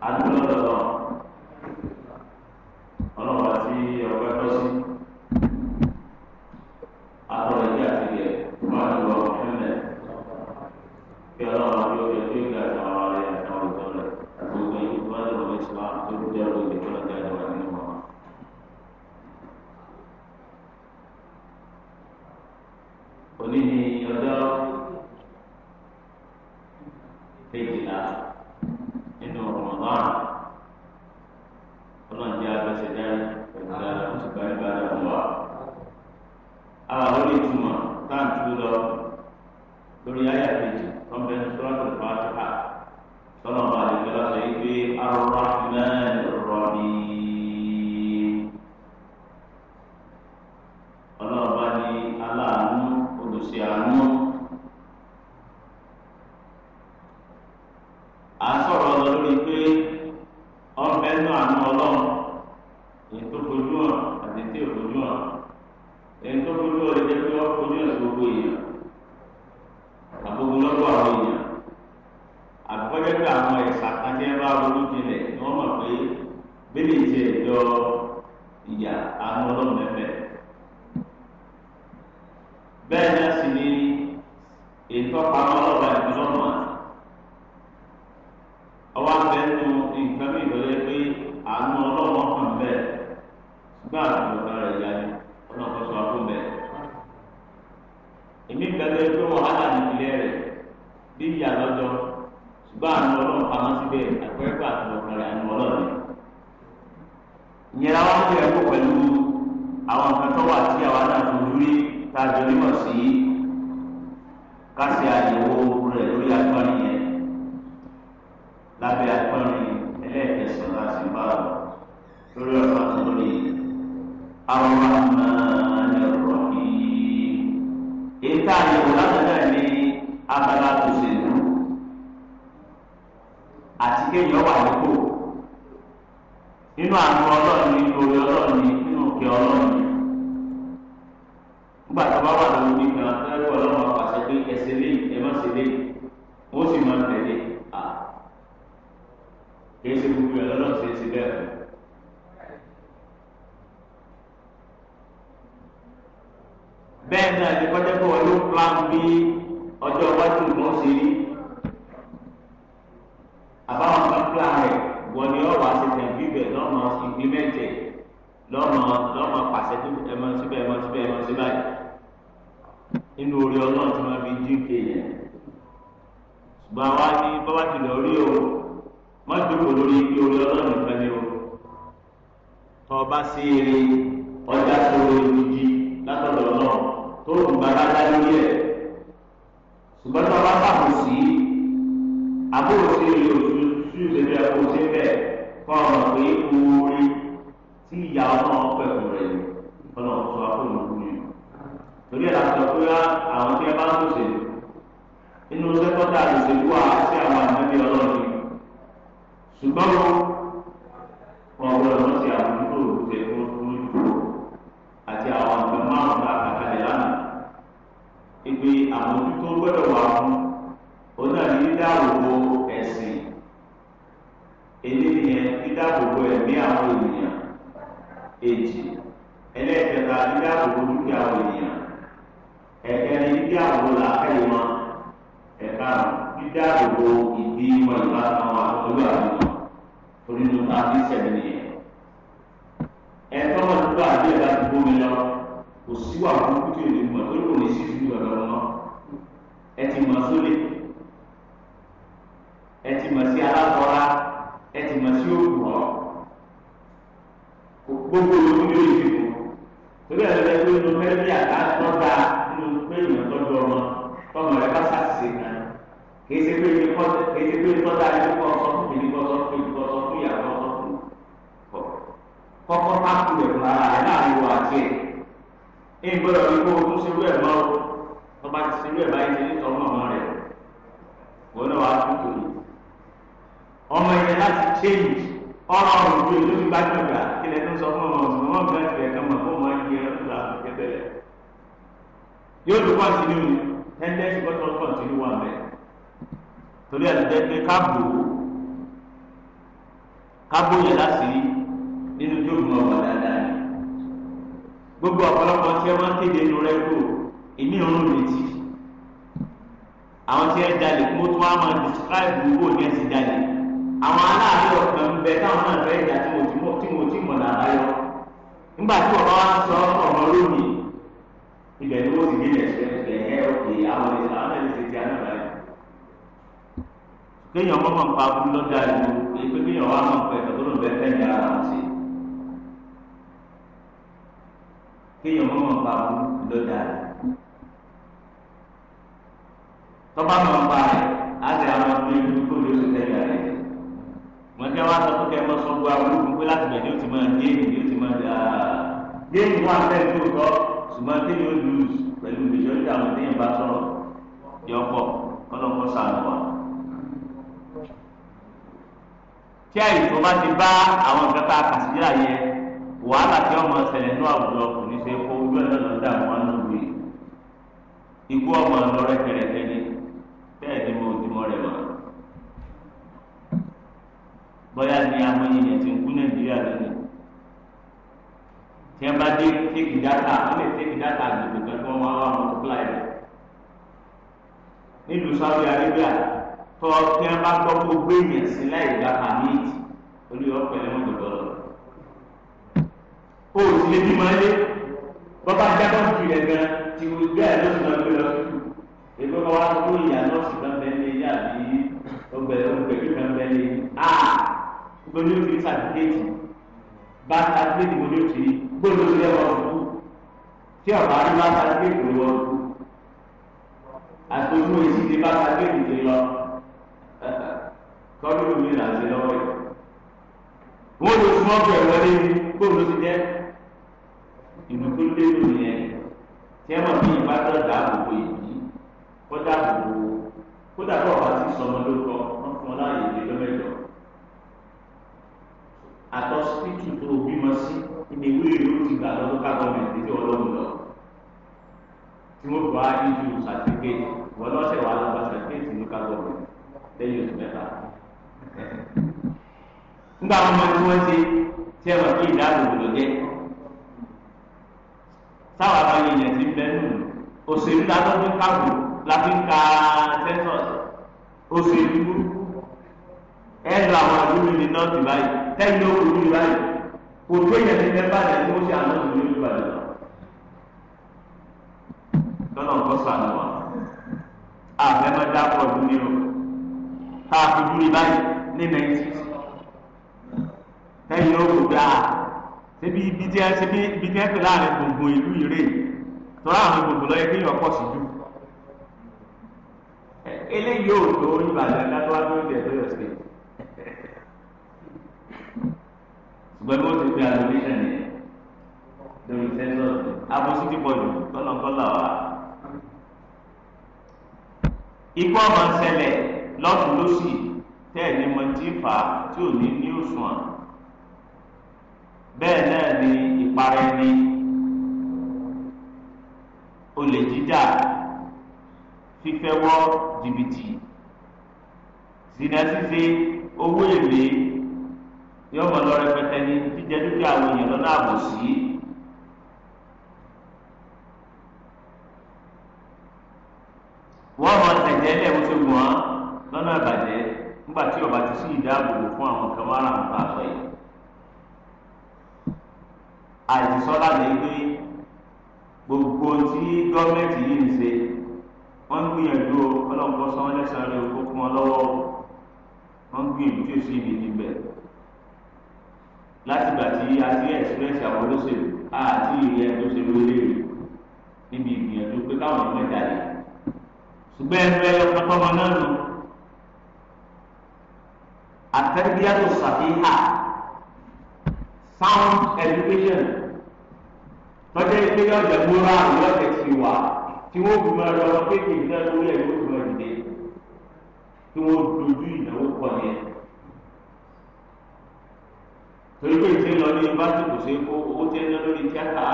安德。nínú àánú ọlọ́run nínú orí ọlọ́run nínú òkè ọlọ́run nígbà tó bá wà lórí mi kan ẹgbẹ́ ọlọ́run àpàṣẹ pé ẹsẹ̀ lé ẹ má ṣe lé ó sì máa tẹ̀lé à kì í ṣe gbogbo ẹ̀ lọ́lọ́run ṣe é bẹ́ẹ̀ fún. bẹ́ẹ̀ náà ni kọ́jọ́ pé wọ́n yóò plan bíi. Basili kéwì ọ̀rọ̀ ọ̀rọ̀ ju èlò ìgbà tó gbà kílẹ̀ tó sọ fún ọmọ ọ̀sùn wọn gbà tiẹ̀ kama kó wọn di ẹrú la kẹtẹlẹ. yóò tó kọ́ntínú ni tẹ́ndẹ́sì kọ́tọ́ kọ́ntínú wà bẹ́ẹ̀ torí àtijọ́ pé káàbò káàbò yẹ láti nínú tó gbọ́ ọ̀gbà dáadáa ni gbogbo ọ̀pọ̀lọpọ̀ tí wọ́n kéde nu rẹ kú èmi ò ń retí àwọn tí ẹ jalè kó tó wá máa describe gbogbo ní ẹ ti jalè àwọn aláàbí ọ̀kan ń bẹ táwọn náà fẹ́ ìjà tí mo ti mọ̀ tí mo ti mọ̀ làbá yọ nígbà tí ọba wa sọ ọ̀rọ̀ lónìí ibẹ̀ ni wọ́n ti gbé lẹ̀sẹ̀ ẹ̀ ẹ̀ òkè àwọn ẹ̀ àwọn ẹ̀ ti ti àná báyìí. kéèyàn mọ́mọ́ ń pa abúlé lọ́jà ìlú pé kéèyàn wá mọ̀ pé ẹ̀tọ́ tó lò bẹ́ẹ̀ fẹ́ẹ́ ní ara wọn sí. kéèyàn mọ́mọ́ ń pa abúlé lọ́jà ìlú. tọ́ba mọ̀ ń pa rẹ̀ á ti àwọn ọmọ ìlú kó lè ṣe tẹ̀lé rẹ̀ wọn kẹ wá sọ pé kẹ mọ sọ gbọ àwọn olùkún pé láti bẹ̀ ni ó ti máa géèmì ni ó ti máa dà géèmì wọn fẹ́ tó tọ́ ṣùgbọ́n tí yóò lùz pẹ̀lú ìjọ́jú àwọn tí yẹn bá sọ̀rọ̀ yọ pọ̀ kọ́nọ̀kọ́ sànù wa. tí àyè tó bá ti bá àwọn nǹkan tá a wàhálà tí ọmọ ṣẹlẹ̀ ní àwùjọ kò ní ṣe kó ojú ẹ̀ lọ́dọ̀ dà wọ́n ló gbé ikú ọmọ lọ́rẹ́ kẹrẹ̀kẹ́ ni bẹ́ẹ̀ ni mo ti mọ rẹ̀ wọ́n bóyá ni àwọn èèyàn ti ń kú nàìjíríà lónìí tí wọn bá dé tẹkì dáta wọn lè tẹkì dáta àgbègbè kan tí wọn máa wà multiply rẹ nílùú Saudi Arabia tọ tí wọn bá gbọ́ kó gbé èèyàn sí láì gba permit olùyọ pẹ̀lẹ́ wọn dọdọ lọ o sì lè bímọ ẹlẹ bọba jábọ ju rẹ gan ti o gbé ẹ lọsùn náà gbé lọ sí èmi wọn wá kó ìyá lọsùn kan bẹ́ẹ̀ ní ìyá àbí ọgbẹ ọgbẹ kíkan bẹ́ẹ̀ ní lórí òtí sàdúrétì bá sàdúrétì lórí òtí gbọ́dọ̀ lórí ẹ̀rọ ọ̀dún tí ọ̀bá rí bá sàdúrétì lórí ọ̀dún àtòjú èsì ti bá sàdúrétì ti lọ kọ́dún mi là ń lọ́wọ́ yìí. wọ́n lọ sí mọ́tò ẹ̀ wọlé ní ti jẹ́ ìlú lé lórí yẹn tí ẹ mọ̀ bí ìbátan dáàbòbò ìbí kó dáàbòbò kó dàbọ̀ wá sí fún ọ àtọ́sítítù tó bímọ sí ní ìwé ìlú ti gbà lọ lókà gọọmenti tí ọlọ́run lọ tí wọ́n fi wá yíjú sàtífíkẹ́tì wọ́n lọ́sẹ̀ wà lọ́gbà sàtífíkẹ́tì lókà gọọmenti lẹ́yìn oṣù mẹ́ta. nígbà wọn mọ tí wọ́n ṣe tí ẹ mọ̀ kí ìdáàbòbò ló jẹ́ sáwọn àbáyé yẹn ti bẹ́ẹ̀ nù òṣèlú látọ́jú káwù láti ń ka sẹ́ńsọ̀sì òṣèlú ẹ lọ àwọn àdúgbò ní nọ́ọ̀tì báyìí tẹ́yìn ló kúrú báyìí kò tó yẹn ní mẹ́fà yẹn tó ṣe àná ìlú ìlú ìbàdàn lọ́nà ọ̀kọ́ sànù wa àfẹ́mọ́dá pọ̀ ní o tá a fi dúró báyìí ní nàìjíríà tẹ́yìn ló kúrú dáa ṣebí ibi tí ẹ ṣebí ibi tí ẹ pè láàrin gbogbo ìlú ìrè tọ́lá àwọn gbogbo lọ́yẹ kí yọ̀ pọ̀ sí jù eléyìí ò tó Ìbàdàn dáná wá lóde ẹ̀dọ́ yọ̀ sí i. ṣùgbọ́n bí wọ́n ti pe àlùmíṣẹ̀ ni lórí sẹ́ńsọ̀sì abosí ti pọ̀ jù kọ́lọ̀kọ́lọ̀ wa. ikú ọmọ ń ṣẹlẹ̀ lọ́tún lọ́sì tẹ́ẹ̀ ní mo ti fà á tí ò ní ní òṣùwọ̀n bẹ́ẹ̀ náà ni ìparẹ́ ni olè jíjà fífẹ́wọ́ jìbìtì zina ṣíṣe owó èlé. yọ ọmọ lọ rẹpẹtẹ ní jíjẹ dúkìá àwọn èèyàn lọ́nà àbòsí. wọ́n mọ tẹ̀jẹ́ ilé ẹ̀wọ́n ṣe gùn án lọ́nà àbàjẹ́ nígbà tí ọba ti sí ìdáàbòbò fún àwọn kan yìí. lè gbé gbogbo tí yìí ń ṣe ń gbìyànjú ọ ń gbìyànjú tí ó sì láti gbà tí a ti express àwọn olóṣèlú àti ìyẹn tó ṣe lórí rè níbi ìgbìyànjú pé káwọn ọmọ ẹ̀dá yìí ṣùgbọ́n ẹnu ẹyọ pọpọmọ náà nù àtẹ́bíyàtò sàfihàn sound education tọ́jú pé yọ̀jẹ̀ múra lọ́jẹ̀ ti wà tí wọ́n fi máa lọ kéèké náà lórí ẹ̀ ló fi máa dìde tí wọ́n dojú ìnáwó pọ̀ yẹn torí pé ìṣe lọ ní yunifásitì kò ṣe é kó owó tẹ́ ń ná lórí tíátà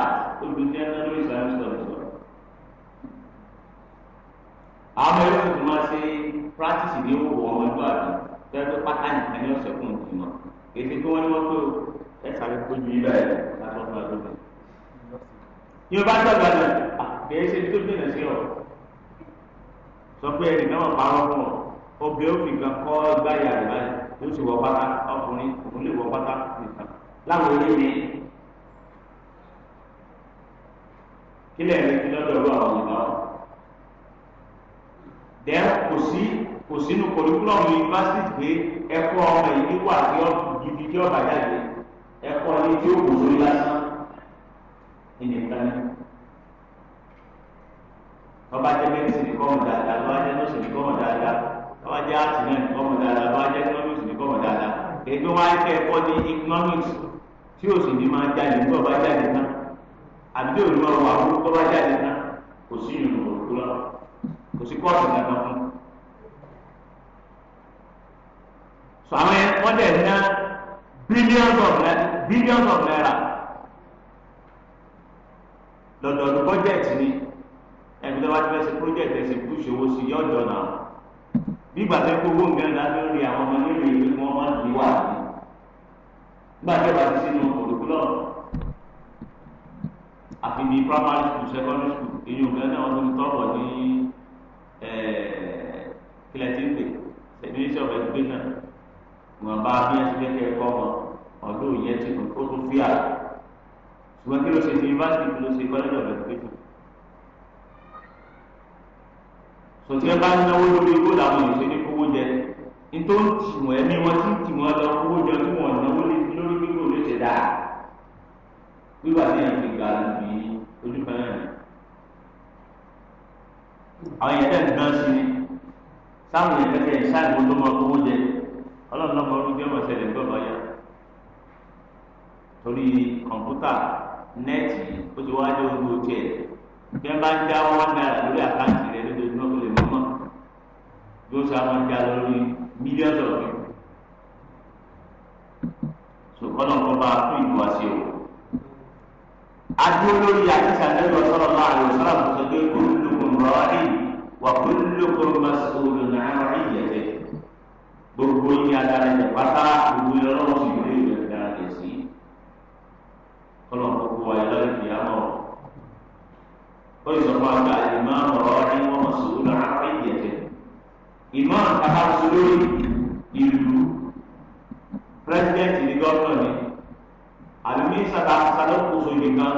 olùdó tẹ́ ń ná lórí islamic studies lọ. àwọn ẹ̀rọ tuntun máa ṣe practice ní owó ọmọ ẹgbẹ́ àbí fẹ́ẹ́ pátá nìkan ní ọ̀sẹ̀ fún òtún mọ́ èsì tí wọ́n ní wọ́n tó ẹ̀ sáré kó ju ibà ẹ̀ láti ọdún àdúgbò. yunifásitì àgbàdo àbẹ̀yẹ ṣe tó gbìyànjú sí ọ sọ pé ẹnì kan wà fún ọ obìnrin òfin kan kọ́ gbáyà rẹ̀ yóò sì wọ pátá ọkùnrin òun lè wọ pátá nìkan láwọn eré mi kílẹ̀ mi ti lọ́dọ̀ ọ̀rọ̀ àwọn ìgbà wọn. dẹ́ kò sí kò sínú kòríkúlọ̀mù yunifásitì pé ẹ̀kọ́ ọmọ yìí wà ní ibi tí ọba jáde ẹ̀kọ́ ní tí ó kù sórí lásán ìnìkan ni ọba jẹ́ mẹ́tìsì ní kọ́mù dáadáa lọ́wọ́ jẹ́ nọ́ọ̀sì ní kọ́mù dáadáa lọ́wọ́ jẹ́ àtìmẹ́ ní kọ́mù dáadáa jẹ́ kọ́mù kọ́mọ̀ dáadáa èyí tó wáyé kẹ́ ẹ̀kọ́ ní economics tí o sì ní máa jáde nígbà bá jáde tán àbí òní máa wà fún tó bá jáde tán kò sí ìrìn òkú lọ kò sí kóòtù kankan fún. sọ àwọn ẹ wọ́n dẹ̀ ná billions of naira billions of naira lọ́dọọdún bọ́jẹ̀tì ni ẹ̀mí lọ́wọ́ ti fẹ́ ṣe project ẹ̀ ṣe kú ìṣòwò sí yọ̀ọ̀dọ̀ náà nígbà tó kó owó nǹkan náà lórí àwọn ọmọ nílùú ìlú tí wọ́n máa ń di wà ní. nígbà tó wà sínú curriculum àfi ní primary school secondary school èyí nǹkan náà wọ́n ti tọ́wọ̀ ní eh, kílẹ̀tìpé ministry of education wọn bá bí wọn ti fẹ́ kẹ́ ẹ̀kọ́ wọn ọdún yẹn ti kó tó fi àlọ́ ṣùgbọ́n kí ló ṣe ní yunifásitì kí ló ṣe college of education. sọtẹ́ bá ń náwó lórí igbó làwọn èèyàn ṣe ní kówó jẹ nítorí ń tì wọ́n ẹ̀mí wọn ti ń tì wọ́n lọ kówó jẹ tí wọ́n náwó lórí igbó ló ṣe dáa wíwà ní àti gbà lùbí ojú kan náà ni àwọn yẹn tẹ̀ gbọ́n sí ni sáwọn yẹn tẹ̀ ṣáàbù tó máa kówó jẹ ọlọ́run náà máa rú bí ọmọ gbọ́dọ̀ yá torí kọ̀ǹpútà nẹ́ẹ̀tì ó ti wá dé ojú tiẹ̀ bí wọ́n bá ń dá wọn náírà lórí tó sáwọn ìjà lórí mílíọ̀nù ọ̀gbìn sòkòlò kó bá tún ìlú wa sí o. adúló lórí àtìsà lẹ́nu ọ̀sọ́rọ̀ náà àlè ọ̀sọ́rọ̀ tó sọ pé kullukum ra'in wa kullukum mas'ulun 'an ra'iyyatihi gbogbo yín adára ẹ̀jẹ̀ pátá gbogbo yín ọlọ́run sì yóò yẹ dára ẹ̀ sí. kọ́lọ̀ kó kó wa yẹ lọ́rẹ̀ kìí àmọ́ ó yẹ ìmọ̀ àbáṣe lórí ìlú pírẹsidẹ́ǹtì ní gọ́ọ̀nà ni àbí sàdá sàdókòso nìkan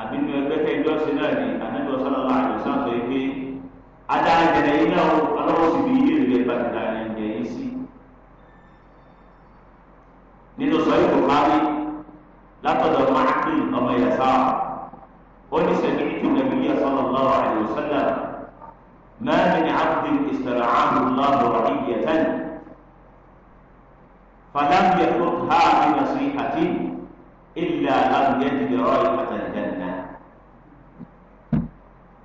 àbí nu ẹgbẹ́ kẹjọ sí náà ni anájọ sálọ́lá àjọsán sọ pé adára jẹ̀dẹ̀ yìí náà ọlọ́wọ́ sì fi yíyé rẹ̀ bàtìlá rẹ̀ jẹ̀ yìí sí. nínú sọ́yìn kò bá rí látọ̀dọ̀ máàkì ọmọ yasa ó ní sẹ́ni ìtùnú ẹ̀mí yasa lọ́wọ́ àjọsán náà. ما من عبد استرعاه الله رعية فلم يتركها بنصيحة إلا أن يجد رائحة الجنة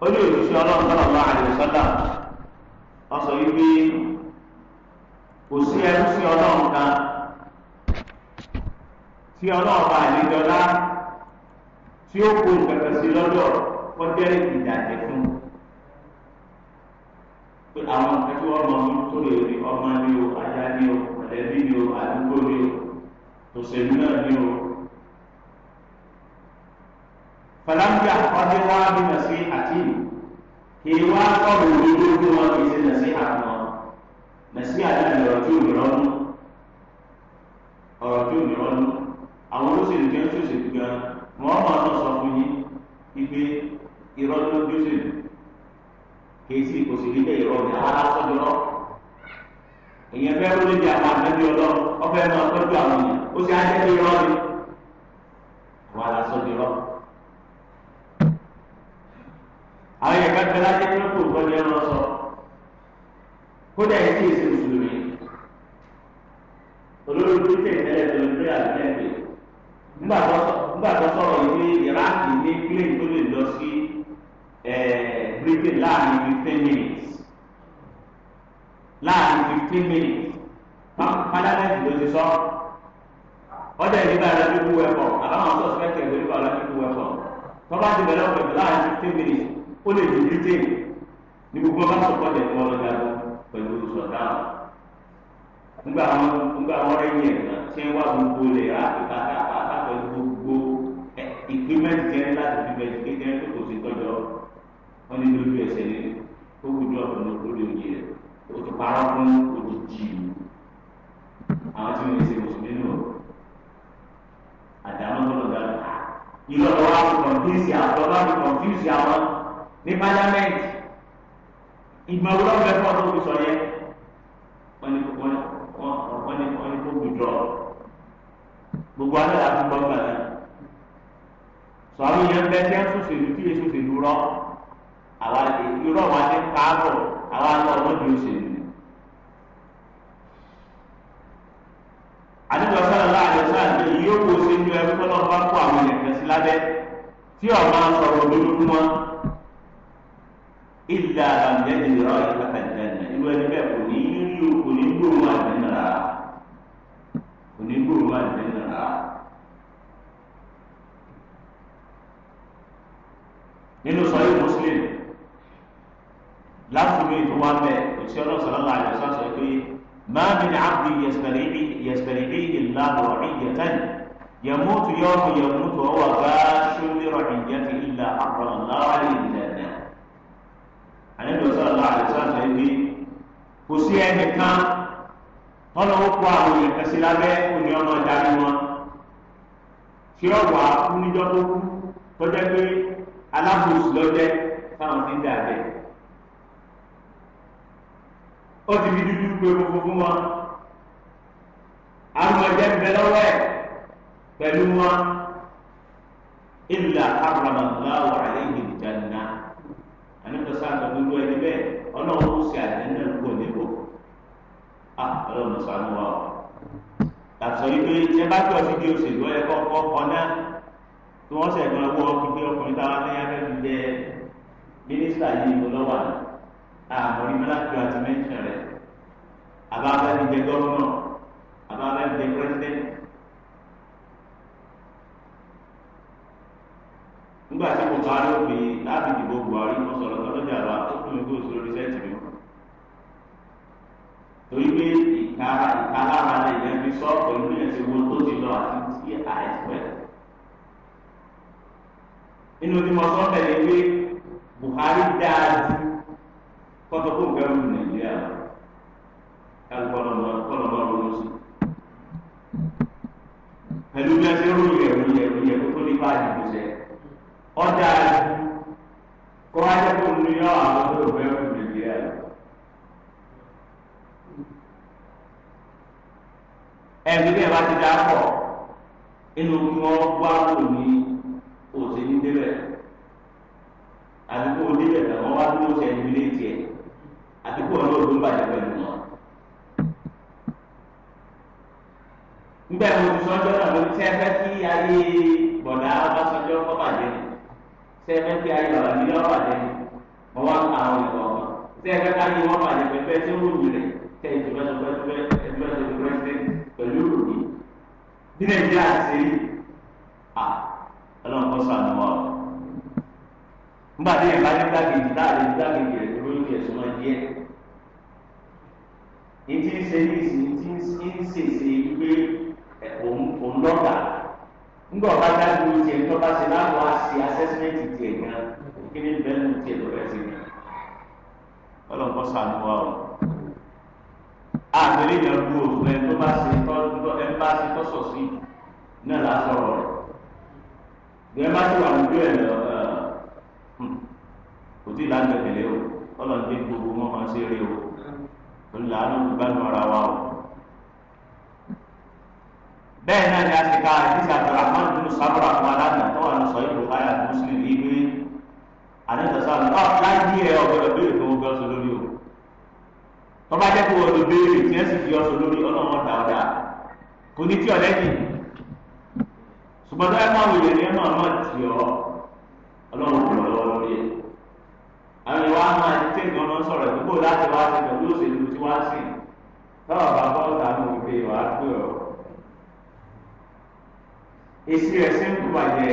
قل إن شاء الله صلى الله عليه وسلم أصيبي وسيا وسيا الله كان tí ọlọ́ọ̀bá àlejò ọlá tí ó kó ìgbàgbọ́sí lọ́dọ̀ kọjá pé àwọn nǹkan tí wọ́n mọ ọmọ tó lè rí ọmọ ni o ajá ni o mọ̀lẹ́bí ni o àdúgbò ni o òṣèlú náà ni o. Fàlàǹgà ọdún wa bí nà sí àti kì í wá sọ̀rọ̀ òdodo tí wọ́n fi ṣe nà sí àtúnwọ̀n nà sí àdáyé ọ̀rọ̀ tí òmìnira ọdún ọ̀rọ̀ tí òmìnira ọdún àwọn olóṣèlú kẹ́ ń ṣòṣèlú gan wọ́n máa tọ́ sọ fún yín ibi ìrọ́lọ́dún ṣèlú kèésì kò sì rí bẹ́ẹ̀ ìrọ̀ ní àwọn aláṣọ́jọ́ lọ. èèyàn fẹ́ wọlé di àwọn àgbẹ̀bí ọlọ́ ọfẹ́ náà tọ́jú àwọn èèyàn ó sì á jẹ́ fifteen minutes pàdánù ló ti sọ ọdẹ ìdíbà ọlọ́dúnkù wẹ̀fọ̀ àbáwọn sọ́sìpẹ́tì ìdíbà ọlọ́dúnkù wẹ̀fọ̀ tọ́ba ti bẹ̀rẹ̀ ọ̀pẹ̀ láàrin fifteen minutes ó lè di britain ní gbogbo bá sọ̀kọ́ tẹ̀ fún ọlọ́dà pẹ̀lú sọ̀tà ńgbà wọn ńgbà wọn rẹ̀ yẹn ṣé wà gbogbo lè ra àtàkà pẹ̀lú gbogbo ìpínlẹ̀ jẹ́ láti fi bẹ̀rẹ̀ kékeré tó kò sí tọ́jọ́ wọn ní lójú ẹsẹ̀ ní ó wùdú ọ̀pọ̀ lórí òye rẹ̀ o ti parọ́ fún odidi àwọn tí wọ́n ṣe mùsùlùmí nù àdánù lọ́dọ̀ dáná ìlú ọ̀dọ̀ wa ti kọ̀ǹfíìsì àwọn ọ̀dọ̀ wa ti kọ̀ǹfíìsì àwọn ní pálámẹ́ǹtì ìgbà wo lọ́wọ́ bẹ́ẹ̀ fọ́ tó fi sọ yẹ wọ́n ní wọ́n ní wọ́n ní wọ́n ní kó gbùdọ̀ gbogbo alẹ́ la fún gbọ́ngbà náà sọ àwọn èèyàn bẹ́ẹ̀ tẹ́ sọ̀sẹ̀ lù kí èso sèlú rọ àwọn irọ́ wa ti pààrọ̀ àwọn àna ọlọ́dún yóò ṣe é. àdìgbò sọ̀rọ̀ láàrin sáà ní iye owó ṣe ju ẹrú tọ́lọ́ bá kó àwọn ẹ̀kẹ́ sí lábẹ́ tí ọ̀ma sọ̀rọ̀ lójú wọn. ìlà àbàmìjẹ́ ti rọ ìkàtà ìjẹ́nà ìlú ẹni bẹ́ẹ̀ kò ní yíyí kò ní gbòòrò àdínà rà kò ní gbòòrò àdínà rà. nínú sọ̀rọ̀ Muslim láfiwé tó wá bẹ òtí ọlọ́run sọlọ́lá àjọṣà sọ pé máa mi ní abdi yẹsẹ̀rẹ̀ẹ́ ìlànà ìyẹtẹ́n yẹmútu yọmú yẹmútu ọwọ́ bá ṣúlẹ̀rọ̀ ìyẹtẹ́ ìlà àkọlọ́láwárì ìlẹ̀nà. àníjọ sọlọ́lá àjọṣà sọ pé kò sí ẹnì kan tọ́lọ́ ó kó àwọn èèyàn kẹsí lábẹ́ òní ọmọ darí wọn tí ọ̀wà kú níjọ́ tó kú tọ́jẹ́ pé alábòsí lọ́jẹ́ ó ti fi dúdú pé gbogbo fún wọn àwọn ọjọ́ ìbẹ́ lọ́wọ́ ẹ̀ pẹ̀lú wọn ìlà àbàmọ̀lá wà lẹ́yìn ìjànà àníkọ́sá àgbàgbọ́ ẹni bẹ́ẹ̀ ọlọ́run ó ṣe àjẹ́ náà kúrò níbò á ah, ọlọ́run sànú wa ọ̀ tàtọ̀ yìí pé tí ẹ bá tọ̀ sí di òṣèlú ẹ kọ́kọ́ ọ̀nà tí wọ́n ṣẹ̀gbọ́n owó ọkùnrin ọkùnrin táwa ní abẹ́bí jẹ́ mínísítà yìí lọ́wọ́ àná àmọ́rí mẹ́lákùú àti mẹ́ńṣẹ̀ rẹ̀ àbáfẹ́ ti jẹ gọ́ọ̀nà àbáfẹ́ ti jẹ pírẹ́sidẹ́ntì. nígbà tí mo parí òfin láti dìbò Buhari mo sọ̀rọ̀ lọ́jà wa ó fún mi kó oṣù lórí sẹ́ẹ̀tì mi. torí pé ìka ìkalára lè yẹn fi sọ pẹ̀lú yẹn ti wo tó ti lọ àti ti àìsàn. inú ni mo sọ bẹ̀rẹ̀ pé Buhari dáa ju kọ́tọ̀ kó nǹkan mú nàìjíríà alùpàdàmọ́ kọ́nàmọ́ lọ́wọ́ sí. pẹ̀lú bí a ṣe rú yẹ̀ rú yẹ̀ rú yẹ̀ kó tó ní bá a dìbò sẹ́ ọjà kó wá jẹ́ kó nu yọ àwọn tó fẹ́ mú nàìjíríà lọ. ẹ̀mí bẹ́ẹ̀ bá ti dá pọ̀ inú kí wọ́n wá wò ní òsè ní débẹ̀ àdúgbò débẹ̀ làwọn wá dúró sẹ́yìn ní ilé tiẹ̀. àti kó ní olú bàjẹ́ pẹ̀lú wọn. nígbà na sọ́jọ́ náà lórí sẹ́fẹ́ kí ayé bọ̀dá ọlọ́sọjọ́ kọ́ bàjẹ́ ni kí ayé bàbá mi lọ́wọ́ bàjẹ́ ka àwọn ìwọ ọmọ sẹ́fẹ́ ká yé wọ́n bàjẹ́ pẹ̀lú tí ó wù kẹ́ ìjọba ìjọba ìjọba ìjọba pẹ̀lú òbí bí nàìjíríà ṣe à ọlọ́run kọ́ yẹ súnmọ́ díẹ̀ ní ti ń ṣe ní ìsìn tí ń ṣèṣe wípé òun lọ́gà ńgbà ọba dájú tiẹ̀ ní ọba ṣe láwọn àṣì assessment tiẹ̀ gan kí ni bẹ́ẹ̀ nù tiẹ̀ lọ́wọ́ ẹ̀sìn gan ọlọ́nkọ́ sànú wa o àgbélé yẹn lu òfin ẹ̀ tó bá ṣe tọ́ ẹ̀ bá ṣe tọ́ sọ̀ sí náà lásọ̀rọ̀ rẹ̀ bí bá ti wà lójú ẹ̀ lọ hmm, kò tí ì lágbẹ̀tẹ̀lé o ọlọ́dún gbogbo wọn máa ṣe eré o olùlà àánú gbádùn ara wa o. bẹ́ẹ̀ náà ni a ti ka àdìsí àtàrà máa ń dúró sábúrà fún aláàbò tó wà ní sọ ìlú káyà tó sì lè gbé àdìsí àtàrà náà láì ní ẹ ọgbọ́dọ̀ béèrè tó ń gbé ọsọ lórí o. tọ́ba jẹ́ kó o lè béèrè tí ẹ sì fi ọsọ lórí ọlọ́wọ́n dà kò ní tí ọ̀lẹ́yìn ṣùgbọ́n tó ẹ máa wòye ni ẹ máa máa tì ọ́ ọlọ́wọ́n lọ́wọ́ lórí ẹ̀ àwọn ìwà máa ń tẹ̀ ní ọ̀nà sọ̀rọ̀ ìdúgbò láti wá sí pẹ̀lú òṣèlú tí wọ́n sì tọ́wọ́ bá bọ́ ọ̀tá ní òkè wà á pè ọ́. èsì rẹ̀ sí ń kúwà jẹ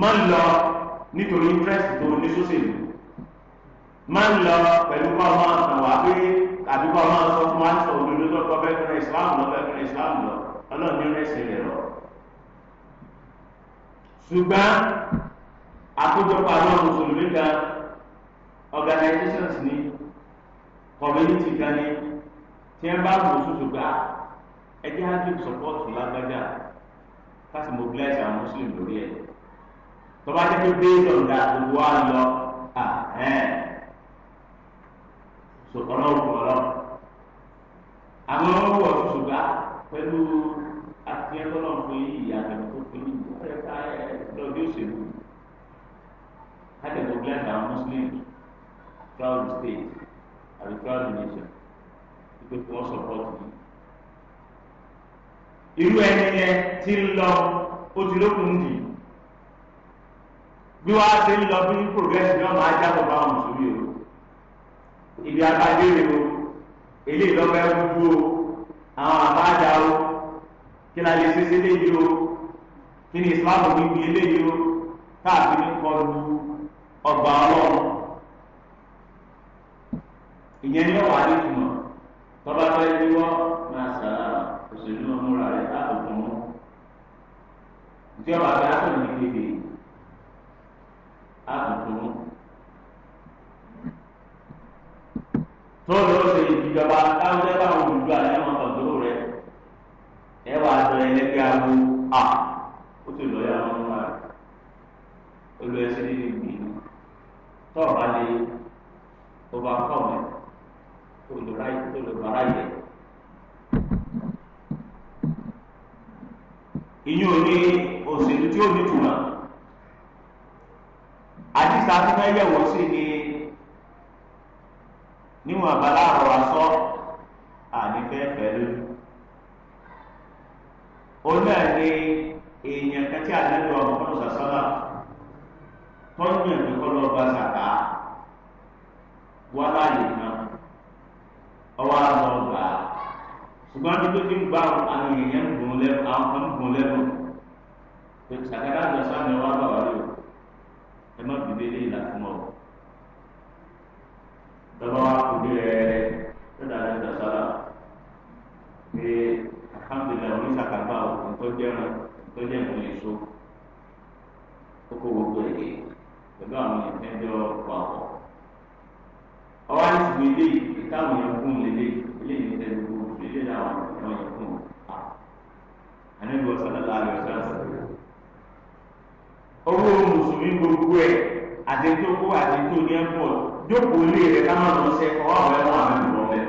máa ń lọ nítorí interest tó ní sóṣèlú máa ń lọ pẹ̀lú bá ọmọ àtàn wá pé àbí bá ọmọ sọ fún wa sọ òdodo tó kọ́ bẹ́ẹ̀ fún Islam lọ bẹ́ẹ̀ fún Islam lọ ọlọ́run ní rẹ̀ sí rẹ̀ lọ. ṣùgbọ́n àkójọpọ̀ àwọn mùsùlùmí kan organizations ní community kan ní tí wọ́n bá mọ̀ sùsù gbà ẹjẹ́ hajjib support lágbájá káṣí mobilize àwọn muslim lórí ẹ̀ tọ́ba jẹ́ pé based on that gbogbo wa lọ so ọlọ́run ọlọ́run àwọn ọmọ wọ̀ sùsù gbà pẹ̀lú akínyẹ́tọ́ náà fún yìí ìyàtọ̀ tó fún yìí lọ́dún òṣèlú káṣí mobilize àwọn muslim. proud state àbí proud nation wípé to wọ́n support me irú ẹni ti ń lọ ó bí progress máa jábọ̀ bá wọn sórí o ibi o eléyìí lọ́gbà ẹ̀ o àwọn àbájá o kí la lè ṣe ṣe o kí ni ìsìláàmù mi o káàkiri kọlu ọgbà ọlọ́run. ìyẹn ní ọ̀wá ní kùmọ̀ tọ́ba fẹ́ yíwọ́ máa sàrà òṣèlú ọmúra rẹ̀ láàbùkù mú ìjọba fẹ́ àtọ̀nù ní kéde àbùkù mú. tóòlù ọ̀sẹ̀ ìjọba táwọn jẹ́ báwọn olùdó àlẹ́ ẹ̀ máa tọ̀dúró rẹ̀ wà á dọ̀ ẹ̀ lẹ́gbẹ̀ẹ́ aago à ó ti yà nínú ìgbìmọ̀ olùráyè olùbáráyè. ìyún ò ní òṣèlú tí ó ní tùmọ̀ àdìsá tí wọ́n wọ́n sí ni níwọ̀n abala àrọ̀ asọ́ ànífẹ́fẹ́ lójú. òun náà ni èèyàn kẹtí àlejò ọmọkùnrin sàṣọ́lá tọ́jú ẹ̀mí kọ́ lọ́ọ́ bá sàkà wọ́n láàyè. ṣùgbọ́n ní tó ti ń gba àwọn èèyàn ń gùn lẹ́nu àwọn kan ń gùn lẹ́nu ṣàkàdá àjọṣà ni wọ́n bá wà lóyò ẹ má bìbí eléyìí láti mọ̀ lọ́wọ́ àkùdé rẹ̀ lọ́dà rẹ̀ dàṣàlá pé àkàǹdìlẹ̀ oníṣàkàbà òkun tó jẹ́ tó jẹ́ ìmọ̀ èso kókó gbogbo èdè pẹ̀lú àwọn ìtẹ́jọ́ pàpọ̀ ọwọ́ àti ìwé ìtàwọn ẹ̀kún lè lè lè gbogbo. ṣe náà wọn yẹ fún un ànábi ọ̀sán lára rẹ̀ ọ̀sán sí. owó mùsùlùmí gbogbo ẹ̀ àtẹ̀tò kó ní ẹ̀pọ̀ jókòó lé rẹ̀ ká má lọ sẹ́ ọwọ́ àwọn ẹ̀wọ̀n àmì ìbọn bẹ́ẹ̀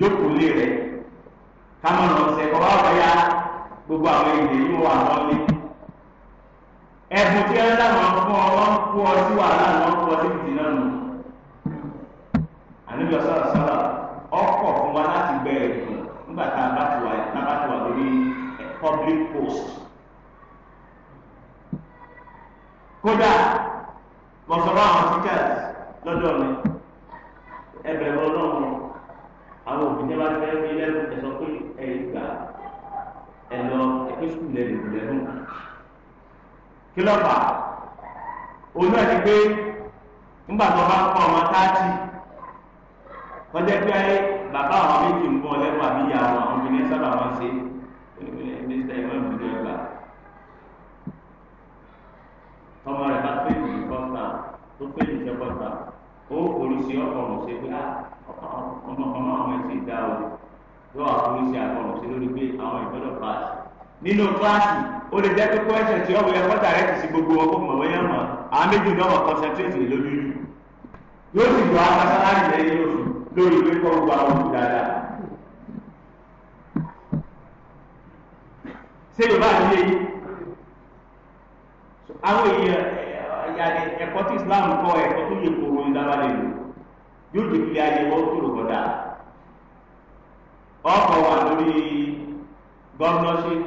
jókòó lé rẹ̀ gbogbo àwọn èdè yìí wà wọ́n lé. ẹ̀bùn tí ẹ láwọn fún nígbà tá a bá ti wà tá a bá ti wà lórí public post. kódà mo sọ̀rọ̀ àwọn teachers lọ́dọ̀ mi àwọn òbí lẹ́nu ẹ̀sọ́ pé ẹ̀ gbà ẹ̀ lọ ẹ̀kẹ́ sùkúl lẹ́nu lẹ́nu. kí ló fà á? òun náà ti nígbà tó bá kọ́ ọmọ táàtì wọ́n jẹ́ pé ayé. bàbá àwọn méjì ń bọ̀ lẹ́nu àbíyá àwọn àwọn obìnrin sábà máa ń ṣe mínísítà ìmọ̀ ìbùdó ẹ̀gbà tọmọ rẹ̀ bá pé ìlú kọ́ńtà tó pé ìlú sẹ́kọ́ńtà ó polisi ọkọ̀ọ̀rùn ṣe pé ah, ọmọ ọmọ àwọn ẹ̀sìn dá o yóò wá polisi àkọ̀ọ̀rùn ṣe lórí pé àwọn ìgbọ́dọ̀ paasi nínú paasi ó lè jẹ́ pé kọ́ńtà tí ọ̀wé ẹ̀kọ́tà rẹ̀ ti sí gbogbo ọkọ̀ mọ̀wé yẹn mọ̀ àwọn méjì náà wọ̀ kọ́ńtà tí ó sì lójú yóò sì gbọ́ àwọn sáláàrì lẹ́yìn yóò fi lórí pípọ̀ gbogbo àwọn olùdàdà. ṣé yorùbá àti ilé yìí àwọn èèyàn ẹ̀kọ́ tí Islam kọ́ ẹ̀kọ́ tó yẹ kóró ní dábàlẹ̀ lò yóò jẹ́ kí ayé wọ́n kúrò kọ́dà ọkọ̀ wà lórí gọ́ọ̀nọ́ṣìp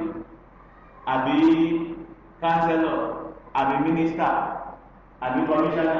àbí kánsẹ́lọ̀ àbí mínísítà àbí kọmíṣánná.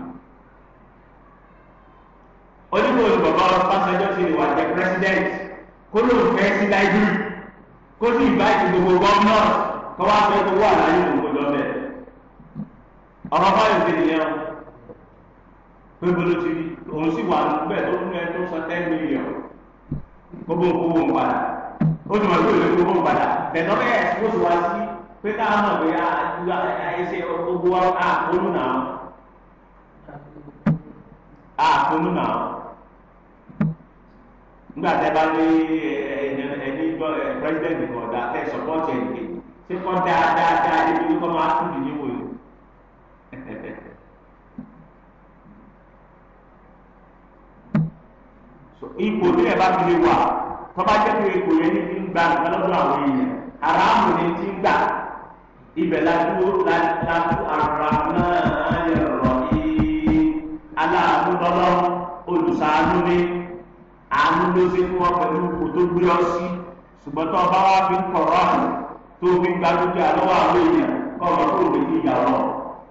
onígbò ní bàbá Ọbásanjọ́ ti wà jẹ president kó ló ń fẹ́ sí láìpẹ́ kó sì invite gbogbo gọ́ọ̀nà kó wá fẹ́ tó wà láyé gbogbo lọ́bẹ̀ ọ̀rọ̀ báyọ̀ ti nìyẹn pé bolo ti òun sì wà níbẹ̀ tó ń lẹ tó sọ ten million gbogbo nǹkó wọn padà ó ti wọn kó lè gbogbo wọn padà bẹ̀tọ́ bẹ́ẹ̀ ó ti wá sí pé káwọn mọ̀ bóyá ẹsẹ̀ gbogbo àkóónù náà àkóónù náà nígbà tẹ bá ní ẹni president kan ọ̀dà tẹ sọpọ́ọ̀tì ẹ̀yìn ṣé kọ́ dáadáa débi kọ́ máa tún nìyí wò yìí. ipò tí ẹ bá fi lè wà tọ́ba jẹ́ pé ipò yẹn ní ti ń gba nǹkan lọ́dọ̀ àwọn èèyàn aráàmù ni ti ń gbà ibẹ̀ la dúró la la kú ara náà yẹ̀rọ̀ yìí aláàmú lọ́lọ́ olùsàánú ni ló ṣe fún ọ pẹ̀lú kò tó gbé ọ sí ṣùgbọ́n tó ọba wa fi ń kọ̀rọ̀ àná tó fi gba dúkìá lọ́wọ́ àwọn èèyàn kọ́ ọ̀rọ̀ tó lè ní ìyàwó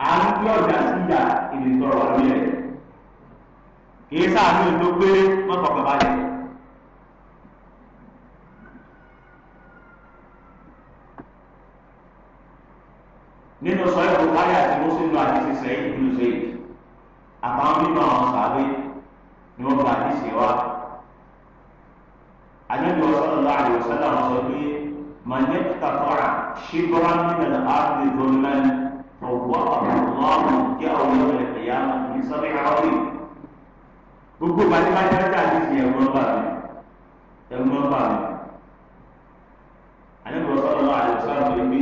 àánú bí ọ̀dà sí ìyà ìrètò ọ̀rọ̀ àmì rẹ̀ kìí sáàánú ìlú pé wọ́n tọkàn balẹ̀. nínú sọ́yìn bukari àti mùsùlùmí àti sísẹ́yìn ìlú sèyí àtàwọn mímọ́ àwọn sàbẹ̀ ni wọ́n gba àdìsí wa anabi sallallahu alaihi wasallam sọ pé mọ̀nẹ́kítà kọ́ra ṣíbọ́rọ́ nínú àti gómìnà ọ̀gbọ́n ọ̀gbọ́n kí àwọn ọmọ ẹ̀yà ní sọ́bí àwọ̀rì. gbogbo bàtìbàtì ajá àti ìsìn ẹ̀gbọ́n bà mí ẹ̀gbọ́n bà mí. anabi sallallahu alaihi wasallam sọ pé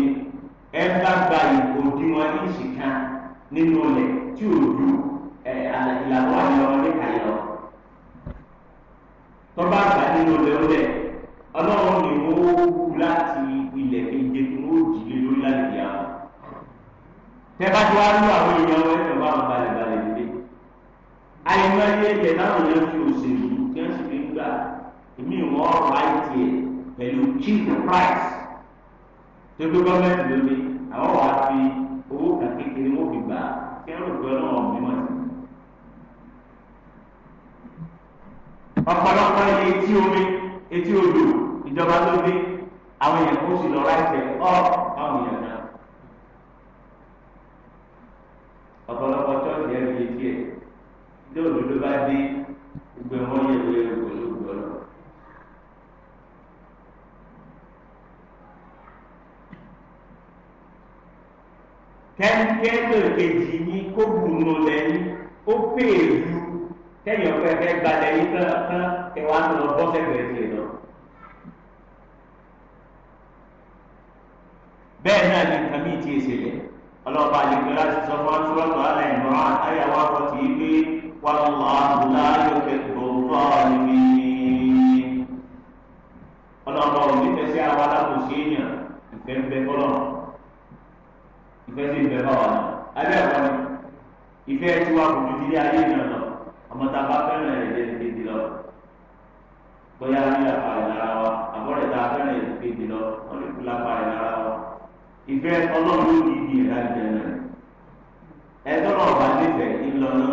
ẹ bá gba ìkòjú wọn ní ìsìnká nínú rẹ̀ tí ò ju ìlànà àwọn ọmọdé tọ́ba àgbà nínú lẹ́wọ́lẹ̀ ọlọ́run ni wọ́n wú láti ilẹ̀ keje tí wọ́n jì lé lórí láti yà wọ́n. tẹ́ka tí wàá lù àwọn èèyàn wọn ẹ̀fẹ̀ wà wọn balẹ̀ balẹ̀ nílé. àyìnbá yé ẹ̀jẹ̀ táwọn yẹn fi òṣèlú kí wọ́n sì fi gbà èmi ìwọ̀n ọ̀rọ̀ àìtì ẹ̀ pẹ̀lú cheap price. tó gbé gọ́ọ̀mẹ̀ntì lónìí àwọn wàá fi owó kàkékeré wọ́n fi gbà kí wọ́n rò pé ọlọ́run ọ̀pọ̀lọpọ̀ etí omi etí odò ìjọba ló dé àwọn èèyàn kò sì lọ láìpẹ́ ọ́ báwọn èèyàn náà. ọ̀pọ̀lọpọ̀ chọ́ọ̀tì ẹ̀ fi etí ẹ̀ tí odò ló bá dé gbogbo ẹ̀ wọ́n yẹ̀ wẹ́rẹ́ pẹ̀lú ọ̀gbọ́n. kẹ́ńkẹ́ lè kejì yín kó gbùnú lẹ́yìn ó pè é ju kẹ́yìn ọ̀pẹ fẹ́ gbalẹ̀ yìí tán tán kí wọ́n á tún lọ bọ́ sẹ́gbẹ̀ẹ́ tiẹ̀ lọ. bẹ́ẹ̀ náà ni nǹkan bíi ti ìṣẹ̀lẹ̀ ọlọ́ọ̀bá àlejò láti sọ fún àtúrọ̀tọ̀ alẹ́ ìmọ̀ràn àyàwó àkọ́tì yìí pé wà lọ́ọ̀lá yóò fẹ́ gbòòrò ọ̀rẹ́mí. ọlọ́ọ̀bá ò ní fẹsẹ̀ àwọn alákòóso èèyàn ìfẹ́ ń bẹ bọ́lọ̀ ìfẹ́ sì ń ọmọ tá a bá fẹ́ràn ẹ̀ jẹ́ ìkejì lọ bóyá ní àpàlẹ̀ lára wa àbọ̀rẹ̀ tá a fẹ́ràn ẹ̀ ìkejì lọ wọ́n lè kú lápàlẹ̀ lára wa ìfẹ́ ọlọ́run ló di ibi ìlà ìjẹun ẹ̀ tọ́nà ọ̀bà nífẹ̀ẹ́ ńlọ náà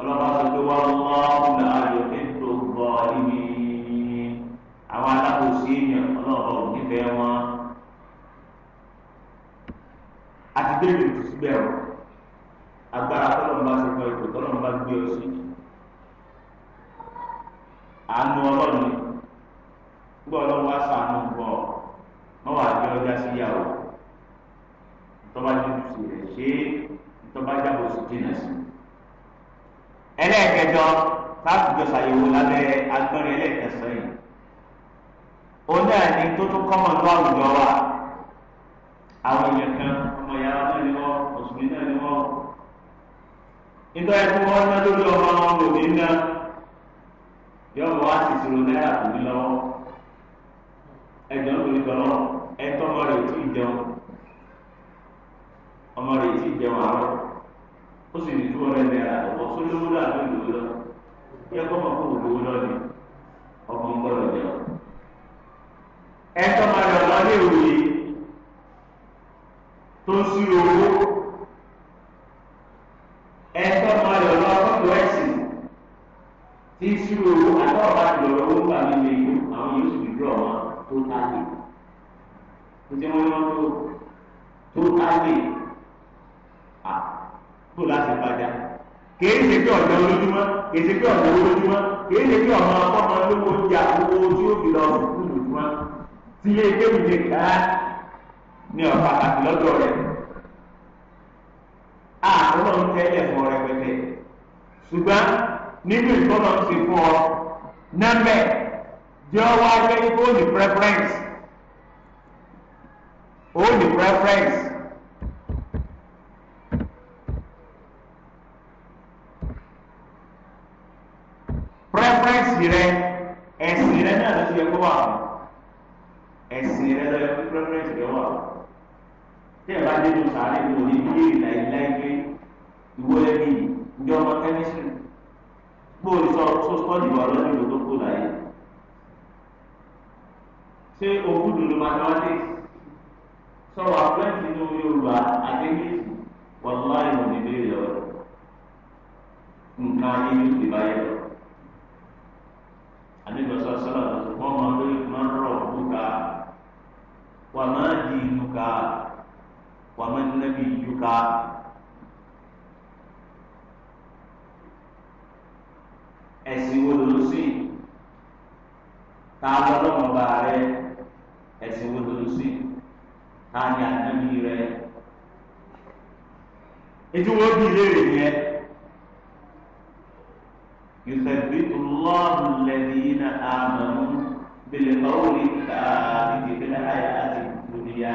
ọlọ́ba sọ pé wọ́n mọ́ ọ̀nà ayọ̀ ètò ọ̀gbọ̀ níbi àwọn alákòóso èèyàn ọlọ́run nífẹ̀ẹ́ wọn àti bẹ́ẹ̀ lè tù síbẹ̀ wọn agbára tọ́lọ̀ bá ti kọ́ ipò tọ́lọ̀ bá gbé ọ sí àánú ọlọ́run gbọ́ ọlọ́run wá sàánú bọ̀ wọ́n wà gbé ọjà sí yàwó tọ́ba dúdú sí rẹ̀ ṣé tọ́ba jábọ̀ sí dínà sí. ẹlẹ́ẹ̀kẹjọ láti jọ ṣàyẹ̀wò lábẹ́ agbọ́nrin ẹlẹ́ẹ̀kẹsàn yìí òun náà ni tó tún kọ́mọ̀ ní àwùjọ wa àwọn èèyàn kan ọmọ ìyá wa ni wọ́n òṣùmí náà ni wọ́n nígbà yẹn fún wọn náà lórí ọmọ wọn kò ní ná yọ̀bọ̀ wá sì ṣòro náírà kò ní lọ́wọ́ ẹ̀jọ̀ nítorí tọ́lọ́ ẹ̀tọ́ ọmọ rẹ̀ tí ì jẹun ọmọ rẹ̀ tí ì jẹun àárọ̀ ó sì ní túwọ́ rẹ̀ náírà lọ́wọ́ sólówó náà ló lòó lọ yẹ kọ́ ọmọ kó wò lówó lọ ni ọmọ ń gbọ́dọ̀ jẹun ẹ̀tọ́ ọmọ rẹ̀ ọ̀lọ́dẹ̀ òye tó ń sí owó. ẹ̀tọ́ máa yọ lọ ọkọ̀ ẹ̀sìn tí ń owó ọba owó gbà mí lè àwọn yóò sì dúró ọ̀ma tó tálè tó wọ́n tó tó tálè à tó láti bàjá kèé ṣe pé ọ̀dọ́ olójúmọ́ kèé ṣe pé ọ̀dọ́ olójúmọ́ kèé ṣe ọlọ́run tẹ́lẹ̀ fún ọ rẹpẹtẹ ṣùgbọ́n nínú ìtọ́nà ti fún ọ nẹ́mẹ̀ jẹ́ ọ wá jẹ́ kó ní preference ó ní preference. preference rẹ ẹ̀sìn rẹ náà ló ti yẹ kó wà ẹ̀sìn rẹ ló yẹ kó preference rẹ wà. tí ẹ bá dé tó sàárè ihe òní bíléèrè láìláì iwo ìwọ ẹbí ìjọ ọmọ kẹ́mísírì gbóòlì sọ tó sọ́ọ̀dì wà lọ́dún ìlú tó kó láyé ṣé dùnú mathematics sọ̀rọ̀ ní nǹkan yóò ti báyẹ̀ lọ. fún ọmọ máa ń rọ̀ ومن نبيك ẹ̀sìn wo ló ń sìn tá a lọ lọ́wọ́ bá rẹ ẹ̀sìn wo ló ń sìn tá a ní ànábì rẹ ètò wọn bí léèrè yẹn yùtẹ̀bìtì lọ́ọ̀dù lẹ́yìn àmọ́ bẹ̀lẹ̀ báwo lè ta ìdìbẹ̀lẹ̀ àyà àti ìdúnyà.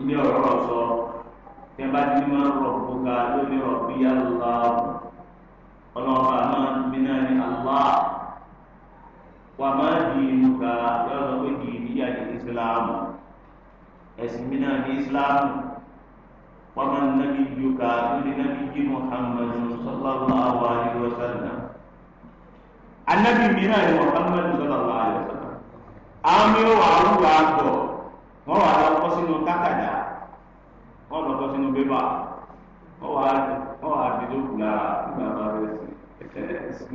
ilé ọ̀rọ̀ sọ tẹ bá ti máa ń rọ̀ gbogbo lórí ọ̀bí àlá ọlọ́ọ̀bà máa ń bínú ní àlá wà máa di nùgà yọ̀ọ̀dọ̀ pé di ìdíyà ní ìsìláàmù ẹ̀sìn bínú ní ìsìláàmù wà máa ń nábì yùgà lórí nábì jí Muhammad sallallahu alaihi wa sallam anabi bínú ní Muhammad sallallahu alaihi wa sallam àwọn mi ò wà á gbọ̀ wọ́n wà lọ kọ́ sínú kákàdá wọ́n lọ kọ́ sínú bébà wọ́n wà wọ́n wà fi lóògùn lára nígbà bá rẹ̀ sí ẹsẹ̀ ẹsẹ̀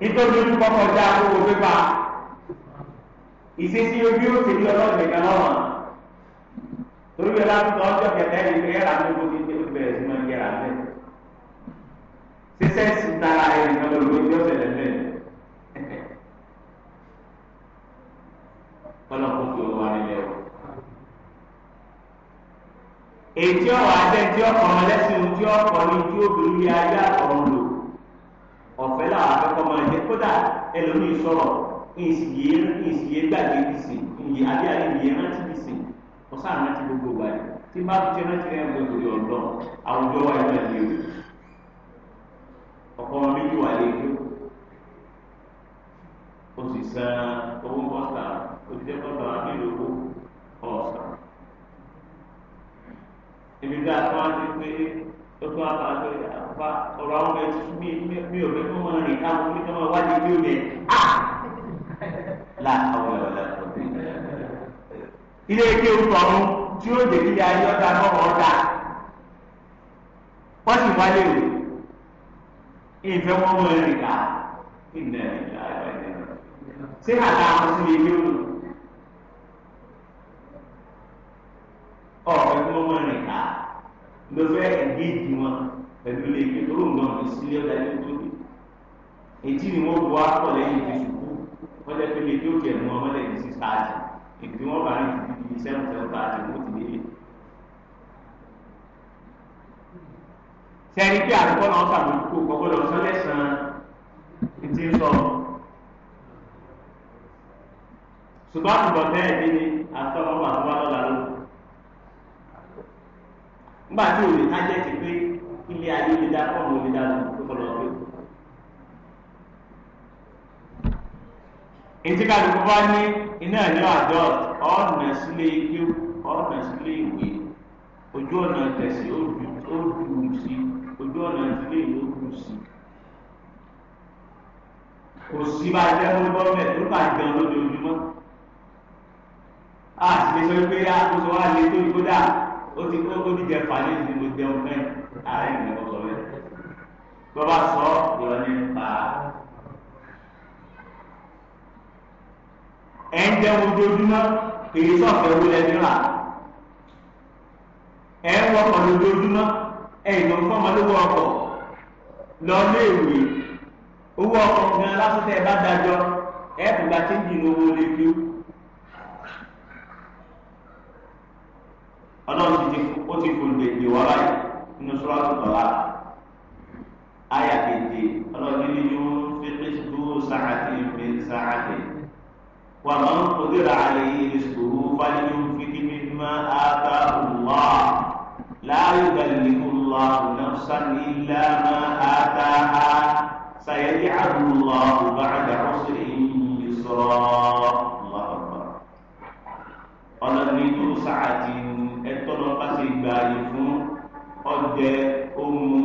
nítorí ojú kọ́kọ́ já owó bébà ìṣesí ojú ó ti di ọlọ́ọ̀dẹ̀ kan lọ́wọ́ torí bí ọlọ́dún ọjọ́ kẹtẹ́ yìí pé yàrá mi kò ti dé bẹ̀rẹ̀ sí máa ń yẹra mẹ́ sísẹ́ǹsì tara ẹ̀ nìkan lórí ojú ọ̀sẹ̀ lẹ́fẹ̀ẹ́. èyí tí ọ̀wọ́ ajẹ́ tí ọkọ̀ ọlẹ́sìn tí ọkọ̀ ní tí obìnrin yá yá ọ̀run lò ọ̀fẹ́ làwọn akẹ́kọ̀ọ́ máa jẹ́ kódà ẹlòmíì sọ̀rọ̀ ìsìyé gbàgbé ti sìn ìyè àbí àyè ìyè rántí ti sìn ọ̀sán rántí gbogbo wa yìí tí bá ti rántí rẹ̀ gbogbo yìí ọ̀dọ́ àwùjọ wa yìí lẹ́yìn o ọkọ̀ wọn méjì wà lẹ́yìn o sì san owó kọ́ta òṣìṣẹ́ kọ́ta àbí ìlú ọ̀sán ibi tá a tún á ti pé ó tún á máa pé àfa ọ̀rọ̀ àwọn ọmọ ẹtù mi mi ò fẹ́ kó máa rìn káwọn mi kí wọ́n wá ní ilé rẹ̀ á là àwọn ọ̀la ilé ike orúkọ ọ̀hún tí ó jẹ́ kíkẹ́ ayé ọ̀dà náà ọ̀dà wọ́n sì wálé o ìfẹ́ wọn mọ ẹ̀ríkà ìnà ìlà ẹ̀rọ ṣé àtàwọn sí ilé orúkọ. ọ̀rọ̀ tí wọ́n máa rìn ká ló fẹ́ ẹ̀géèjì wọn pẹ̀lú lè fi tó ń gbọ́n ìsílé ọ̀dà ilé tó dé ètí ni wọ́n bu akọ̀ lẹ́yìn ti sùkú wọ́n jẹ́ pé lè tó kẹ̀ mú ọmọ lẹ́yìn sí sáàtì ètò wọn bá rìn ti di sẹ́wọ̀n sẹ́wọ̀n sáàtì wọ́n ti délé. sẹ́ni pé àdúgbò náà sàmójúkò kọ́kọ́ lọ sọ́lẹ́sàn-án ti ń sọ ṣùgbọ́n àtúbọ̀ bẹ́ẹ̀ ni àtọ́kọ́ àtúbọ̀ lọ́la ló nígbà tí òye tájẹ́ ti pé ilé ayé lè dá fọ́ọ̀mù lè dá lọ tó kọlọ pé. ètí kálukú bá ní iná ìlú àjọ ọ̀nà sílé ike ọ̀nà sílé ìwé ojú ọ̀nà tẹ̀sí ó dùn sí ojú ọ̀nà sílé ìwé ó dùn sí kò sí bá jẹ́ ló bọ́ bẹ́ẹ̀ ló bá jẹun lójoojúmọ́ a sì lè sọ pé àkóso wa lè tó ìkó dáa. ó ti kó ó jẹ fàyè mo jẹun mẹ ààrẹ ìgbà kan sọ bẹ́ẹ̀ bọba sọ ìwọ ni ẹ ń jẹun ojoojúmọ́ èyí sọfẹ wúlẹ nílà ẹ ń wọkọ̀ lójoojúmọ́ ẹ ìlọ fọmọlówó ọkọ̀ lọ léèwé owó ọkọ̀ gan lásìkò ẹ bá ọlọ́run ti ti ó ti kún gbèdè wá báyìí nínú sọ́ọ́tù tọ́lá ayà kejì ọlọ́run ní yóò fi ṣètò sàkàtì mi sàkàtì wà máa ń kọjú ra àlè yìí sòwò fáyé yóò fi kí mi má a bá wà láàyè gbàlè kúlọ̀ nàfsàn ilà má a bá sàyẹ̀dì àbúlọ̀ bá a ọ̀sẹ̀ yìí sọ̀rọ̀ ọlọ́run ní yóò sàkàtì tọ́lọ́ bá ṣe gba ààyè fún ọdẹ ohun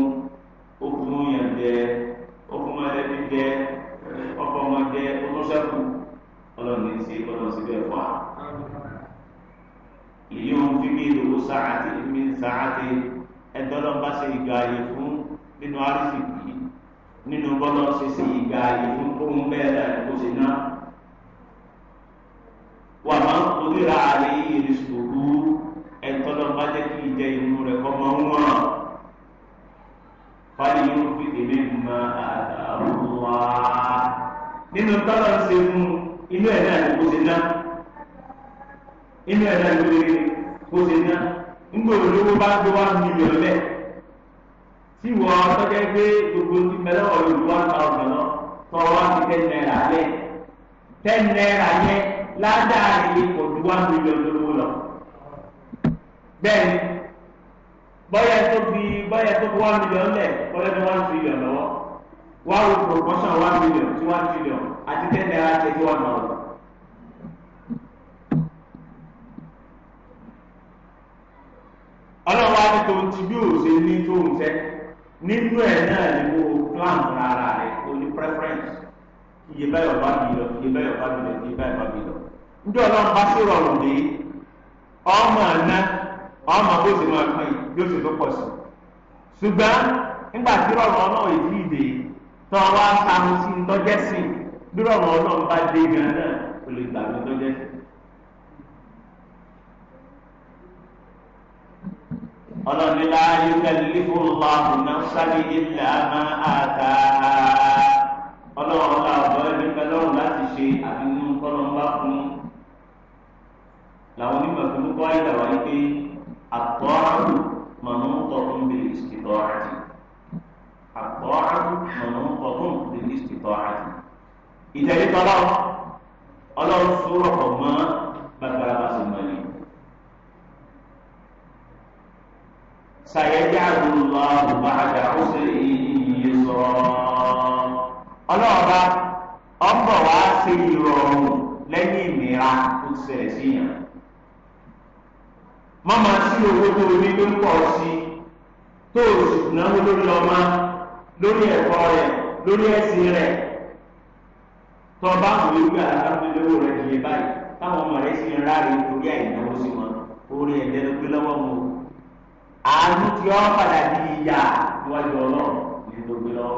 okùnmúyànjẹ okùnmọ́lẹ́dẹ́dẹ́ ọfọmọdé olóṣèkù ọlọ́ọ̀ni ṣe ọlọ́ọ̀sí bẹ́ẹ̀ fà á. èyí ohun fíkì ìdòwò sáàtì mi sáàtì ẹ̀dọ́lọ́ bá ṣe ìgbà ààyè fún nínú àrísìkì nínú bọ́lọ́ ṣe ṣe ìgbà ààyè fún ohun bẹ́ẹ̀ náà kó ṣe náà. wà á máa ń torí ra àlẹ́ yìí rí sùúrù tọ́lọ́ bá jẹ́ kí ìjẹ inú rẹ̀ kọ́ máa ń wọ̀n. fani yóò fi èmi mọ àtàwọ̀ nínú tọ́lọ́ ń ṣe fún inú ẹ̀ náà ló kó ṣe ná inú ẹ̀ náà ló kó ṣe ná ńgbò olówó bá gbé wá mílíọ̀nù lẹ̀ tí wọ́n tọ́jú pé gbogbo ti mẹ́lẹ́ ọ̀rọ̀ ìlú wá ta ọ̀gbọ̀n náà tọ́wọ́ á ti tẹ́ náírà lẹ̀ tẹ́ náírà yẹn ládàá rẹ̀ pọ̀ ju wá mílíọ̀nù lówó lọ bẹ́ẹ̀ ni bọ́yá tó fi bọ́yá tó fi one million lẹ̀ bọ́yá tó one trillion lọ́wọ́ wá wo proportion one million sí one trillion àti ten naira ṣe sí one dollar. ọlọ́wọ́ á ní tó ti bí òṣè ní tó ń fẹ́ nínú ẹ̀ náà ni mo plan rárá rẹ̀ o ní preference iye báyọ̀ bá mi lọ iye báyọ̀ bá mi lọ iye báyọ̀ bá mi lọ. ń jọ́ ọlọ́run bá sí rọrùn dé ọmọ náà ọmọ bó ti máa pín yóò ṣe tó pọ̀ sí ṣùgbọ́n nígbà tí rọrùn ọlọ́run èyí ìdè tó wá sanu sí ńdọ́jẹ́ sí bí rọrùn ọlọ́run bá dé gan náà kò lè gbà ló ńdọ́jẹ́ sí. ọlọ́run la yukallifu Allahu nafsan illa ma ataha ọlọ́run la ọ̀dọ́ ẹni pẹ́lọ́run láti ṣe àfihàn kọ́lọ́ńbá fún làwọn onímọ̀ fún kọ́ ìdàwáyé àtọ́rọ̀ mọ̀nà tọ́kùn bíi ìsìtọ́ àti àtọ́rọ̀ mọ̀nà tọ́kùn bíi ìsìtọ́ àti. ìtẹ̀lé tọ́lọ́ ọlọ́run sọ̀rọ̀ pọ̀ mọ́ bàbára bá sì mọ̀lẹ́. sàyẹ́jáde lọ́wọ́ bàdà ó sì yí sọ̀rọ̀ ọlọ́ọ̀ba ọ̀bọ̀ wá sí ìrọ̀rùn lẹ́yìn ìmìíràn ó ti ṣẹlẹ̀ síyàn má máa sí owó tó o ní ló ń pọ̀ sí i tó o sì náwó lórí ọmọ lórí ẹ̀kọ́ rẹ̀ lórí ẹ̀sìn rẹ̀ tó o bá wù ú gbà lábẹ́lẹ́wò rẹ̀ nìyẹn báyìí táwọn ọmọ rẹ̀ sì ń ráre torí àìnáwó sí wọn orí ẹ̀dẹ́ ló gbé lọ́wọ́ mu àánú tí ó padà di ìyá níwájú ọlọ́run ní ló gbé lọ́wọ́.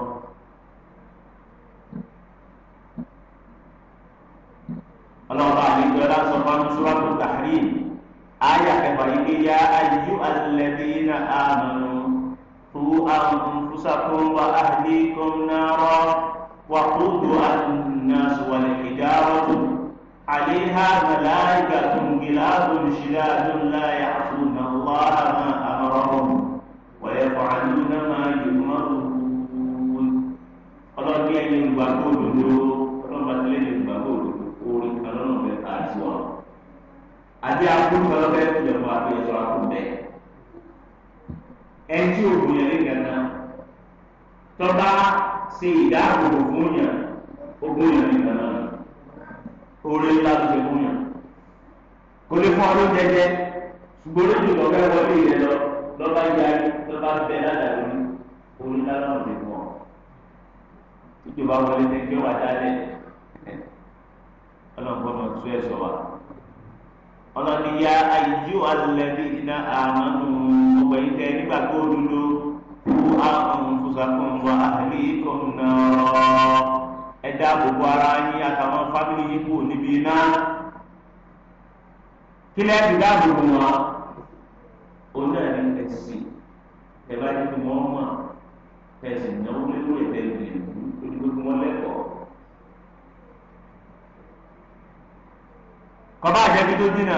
ọlọ́run àlejò ọlá sọ fún amúṣúwàtò tàhírì ayé àtẹ̀bà yìí pé yá ayú alẹ́bí na àmàlù kú àwọn fúsàkùn wa àdé kún náà rọ wà kúndù àtúnnáṣu wà lè kéjà rọ́dù. عليها ملائكة غلاظ شداد لا يعصون الله ما أمرهم ويفعلون ما يؤمرون. قالوا يا إن àbí akóńtò lọ́fẹ́ tó lè fọ àbí ẹ̀sọ́ akóńtò ẹ̀. ẹni tí òògùn yẹn lè gànà tọ́ba ṣe ìdáàbòbò fún yàn ogún yàn lè gànà oore ńlá tó ṣe fún yàn. kò lè fún ọdún jẹjẹ ṣùgbọ́n lójú lọ́fẹ́ wọlé yẹn lọ lọ́ba yarí lọ́ba bẹ́ẹ̀ ládàá lórí oore ńlá náà lè mọ̀. ìjọba wọlé tẹ́jọ́ wà dálẹ̀ ọlọ́gbọ́n náà tú ẹ̀ sọ wa ọlọ́ni ya ayíjú alẹ́bí iná àmọ́nù ọgbà yìí tẹ nígbà tó dúró kú àwọn fúsàkùn wa àhẹ́lì kan náà ẹ dáàbòbò ara yín àtàwọn fámìlì yín kù níbi iná kí lẹ́ẹ̀ fi dáàbòbò wọn òun náà ní ẹ̀sìn ẹ̀ bá yẹ kí wọ́n mọ̀ ẹ̀sìn náà wọlé lórí ẹ̀dẹ́gbẹ̀rún onígbẹ́gbẹ́ wọn lẹ́kọ̀ọ́. kọba àjẹbí tó dínà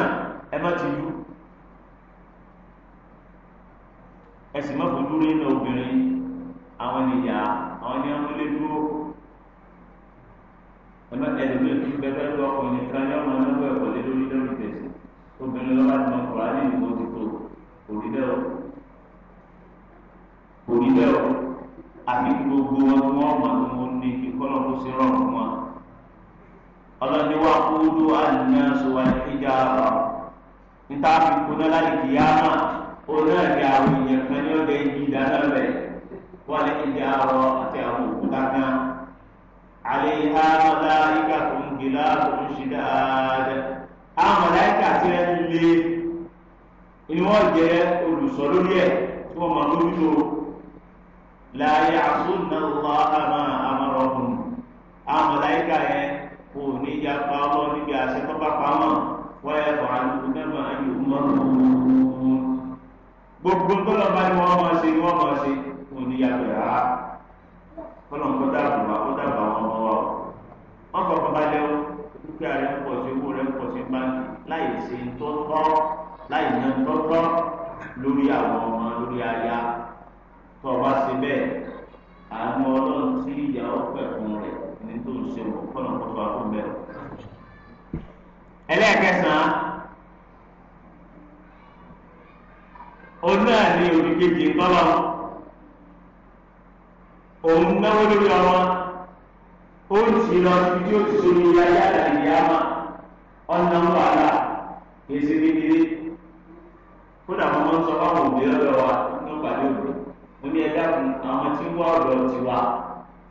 ẹ má ti yú ẹ sì má fojú rí nínú obìnrin àwọn ènìyàn àwọn ènìyàn ló lé dúró ẹlòmíì tó ń bẹ bẹ́ẹ̀ lọ ọkùnrin kan ní ọmọ ẹgbẹ́ ẹ̀kọ́ lé lórí lórí tẹ̀sí obìnrin lọ́ba ti mọ kọ́ra ní ìlú ti tó òrí bẹ́ẹ̀ o òrí bẹ́ẹ̀ o àti gbogbo wọn tí wọ́n mo ní kí kọ́lọ́ kó sí rọrùn wọn ọlọ́ni wa kúlú àníyànṣe wà níjà rà níta fi kuná láti kìyàmà oní àti àwọn èèyàn kan ní ọdẹ yìí dáná rẹ wà ní ìjà rọ àti àwọn òkúta kan àlè ha mọlá ìka tó ń gèlà tó ń ṣe dáadáa àwọn mọláìka tí ẹ lé ni wọn jẹ olùsọ lórí ẹ tí wọn mọ lórí tó láyé àsúnà lọ àmà àmà àwọn mọláìka yẹn wọn ò ní ìjà pa ọmọ níbi àṣẹ tó bá pa mọ́ wọ́n yẹ kọ́ àlùkò mẹ́fà ayé mọ́ gbogbo tọ́lọ̀ bá ní wọ́n mọ̀ ṣe ni wọ́n mọ̀ ṣe wọn ò ní yàtọ̀ rárá kọ́lọ̀ kó dàbò wá kó dàbò àwọn ọmọ wa wọ́n kọ́kọ́ bá lẹ́wọ́ dúkìá rẹ̀ ń pọ̀ sí owó rẹ̀ ń pọ̀ sí báńkì láì ṣe tó tọ́ láì yan tó tọ́ lórí àwọn ọmọ lórí aya tó o bá ṣe bẹ́ẹ̀ àwọn ọlọ́run tí ìyàwó pẹ̀ fún rẹ̀ ní tó ń ṣe kọ́nà kọ́tù àkó mẹ́rin. ẹlẹ́ẹ̀kẹsàn-án òun náà ní oníkejì ńkọ́lọ́ òun náwó lórí ọmọ ó ń tì lọ sí tí ó ti so ní ilé ayé àdàlẹ́ ìyá máa ọ̀nà wàhálà èsì kékeré kódà mo máa ń sọ fáwọn òbí lọ́dọ̀ wa ní ọgbà lóògùn mo ní ẹ̀dá àwọn tí ń wá ọ̀dọ̀ tiwa.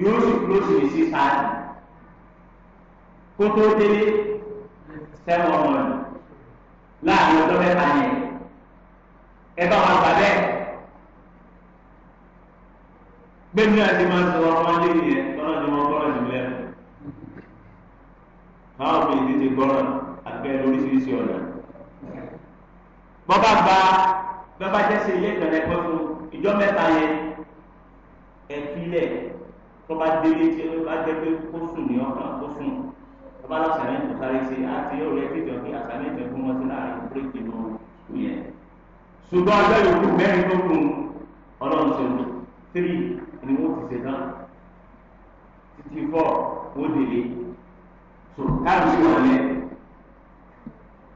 yóò sì kúròsì ní six thirty kótó délé seven hundred láàrin ọjọ́ mẹ́ta yẹn ẹ bá wọn gbà bẹ́ẹ̀ gbẹ̀mí àti máa sọ ọmọ ajé nìyẹn tọ́lá ni wọ́n gbọ́dọ̀ jùlọ ẹ̀ báwo ni ìdíje gbọ́dọ̀ àgbẹ̀ lóríṣiríṣi ọ̀nà bọ́bá gba bàbá jẹ́sẹ̀ ilé ìtàn ẹ̀kọ́ fún ìjọ mẹ́ta yẹn ẹ̀ fi lẹ̀ tó bá délé tí ó bá jẹ́ pé kó sùn ní ọkàn kó sùn tó bá lọ́sàn-án ní ìtọ́sáré ṣe àti yóò rẹ kíjọ kí àṣàlẹ̀ ìjọ fún wọn sí láàrin bírèkì ló kù yẹn. ṣùgbọ́n ọjọ́ yòókù mẹ́rin tó kù ọlọ́run ṣe lò tírì ni wọ́n ti ṣe tán títí fọ́ wọ́n délé tó káàdì wọn lẹ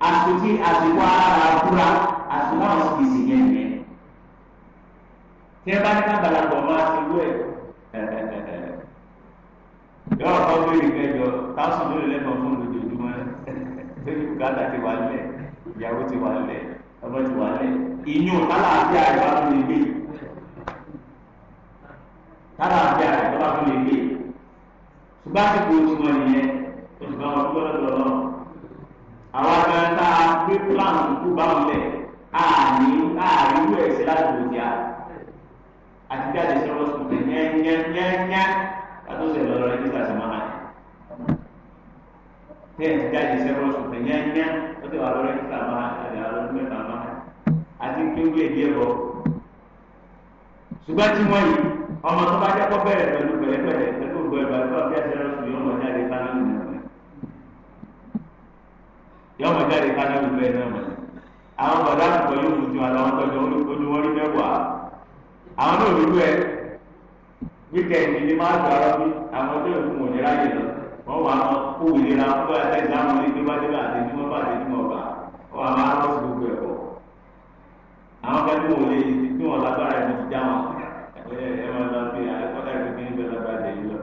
àsìkí àsìkò ara àkúrà àsìkò àwọn yẹn yẹn tí ẹ bá ní ká balàgbọ̀ máa ti wú ẹ̀ ẹ̀ ẹ̀ ẹ̀ yọ ọkọ béèrè kẹjọ táwọn lórí lẹ́kọ̀ọ́ fún lójoojúmọ́ lórí bùkátà ti wà lẹ̀ ìyàwó ti wà lẹ̀ ọmọ ti wà lẹ̀ ìyún tálàáfíà rẹ̀ bá fún ilé tálàáfíà rẹ̀ bá fún ilé ṣùgbọ́n àsìkò ìtumọ̀ nìyẹn oṣù kan wọn gbọ́dọ̀ lọ́wọ́ àwọn akẹ́kọ̀ọ́ tá a gbé plan tó bá wọn lẹ̀ àní àríwú ẹ̀sẹ̀ láti lòdì àti jáde sọ̀rọ̀ sùn nyẹ́nyẹ́nyẹ́nyẹ́ àtúnṣe lọ́rọ̀ itu sí máa hàn tí ẹ̀ ti jáde sẹ́wọ́n sùn tẹ̀ yányá ó ti wà lọ́rọ̀ rẹ́gísítà máa àti àwọn ọdún mẹ́ta máa hàn àti kéwé ìdí ẹ̀bọ. ṣùgbọ́n tí wọ́n yìí ọmọ tó bá jẹ́kọ́ bẹ̀rẹ̀ pẹ̀lú pẹ̀lẹ́pẹ̀lẹ́ pẹ̀lú gbọ̀ẹ́gbẹ̀rẹ̀ àwọn bàdá àgbọ̀ yóò mú ju àwọn tọ́jú ojú wọn rí mẹ́wàá àwọn náà rí bẹ́ẹ̀ wíkẹ̀ndì ni máa gbà ọ́ bí àwọn tó ìfún òní ráyè lọ wọ́n wà á kó ìlera fún ẹ̀sẹ̀ ìdáhùn ní gbígbádébà àti tí wọ́n bá àti tí wọ́n bá wọ́n wà máa rọ́ sí gbogbo ẹ̀kọ́. àwọn kẹ́kẹ́ wò lè ti tí wọ́n lágbára ẹ̀ ti já wọn ẹ̀ máa lọ sí àyẹ̀kọ́tà ìgbẹ́ ní bẹ́ẹ̀ lọ́gbà dé yìí lọ.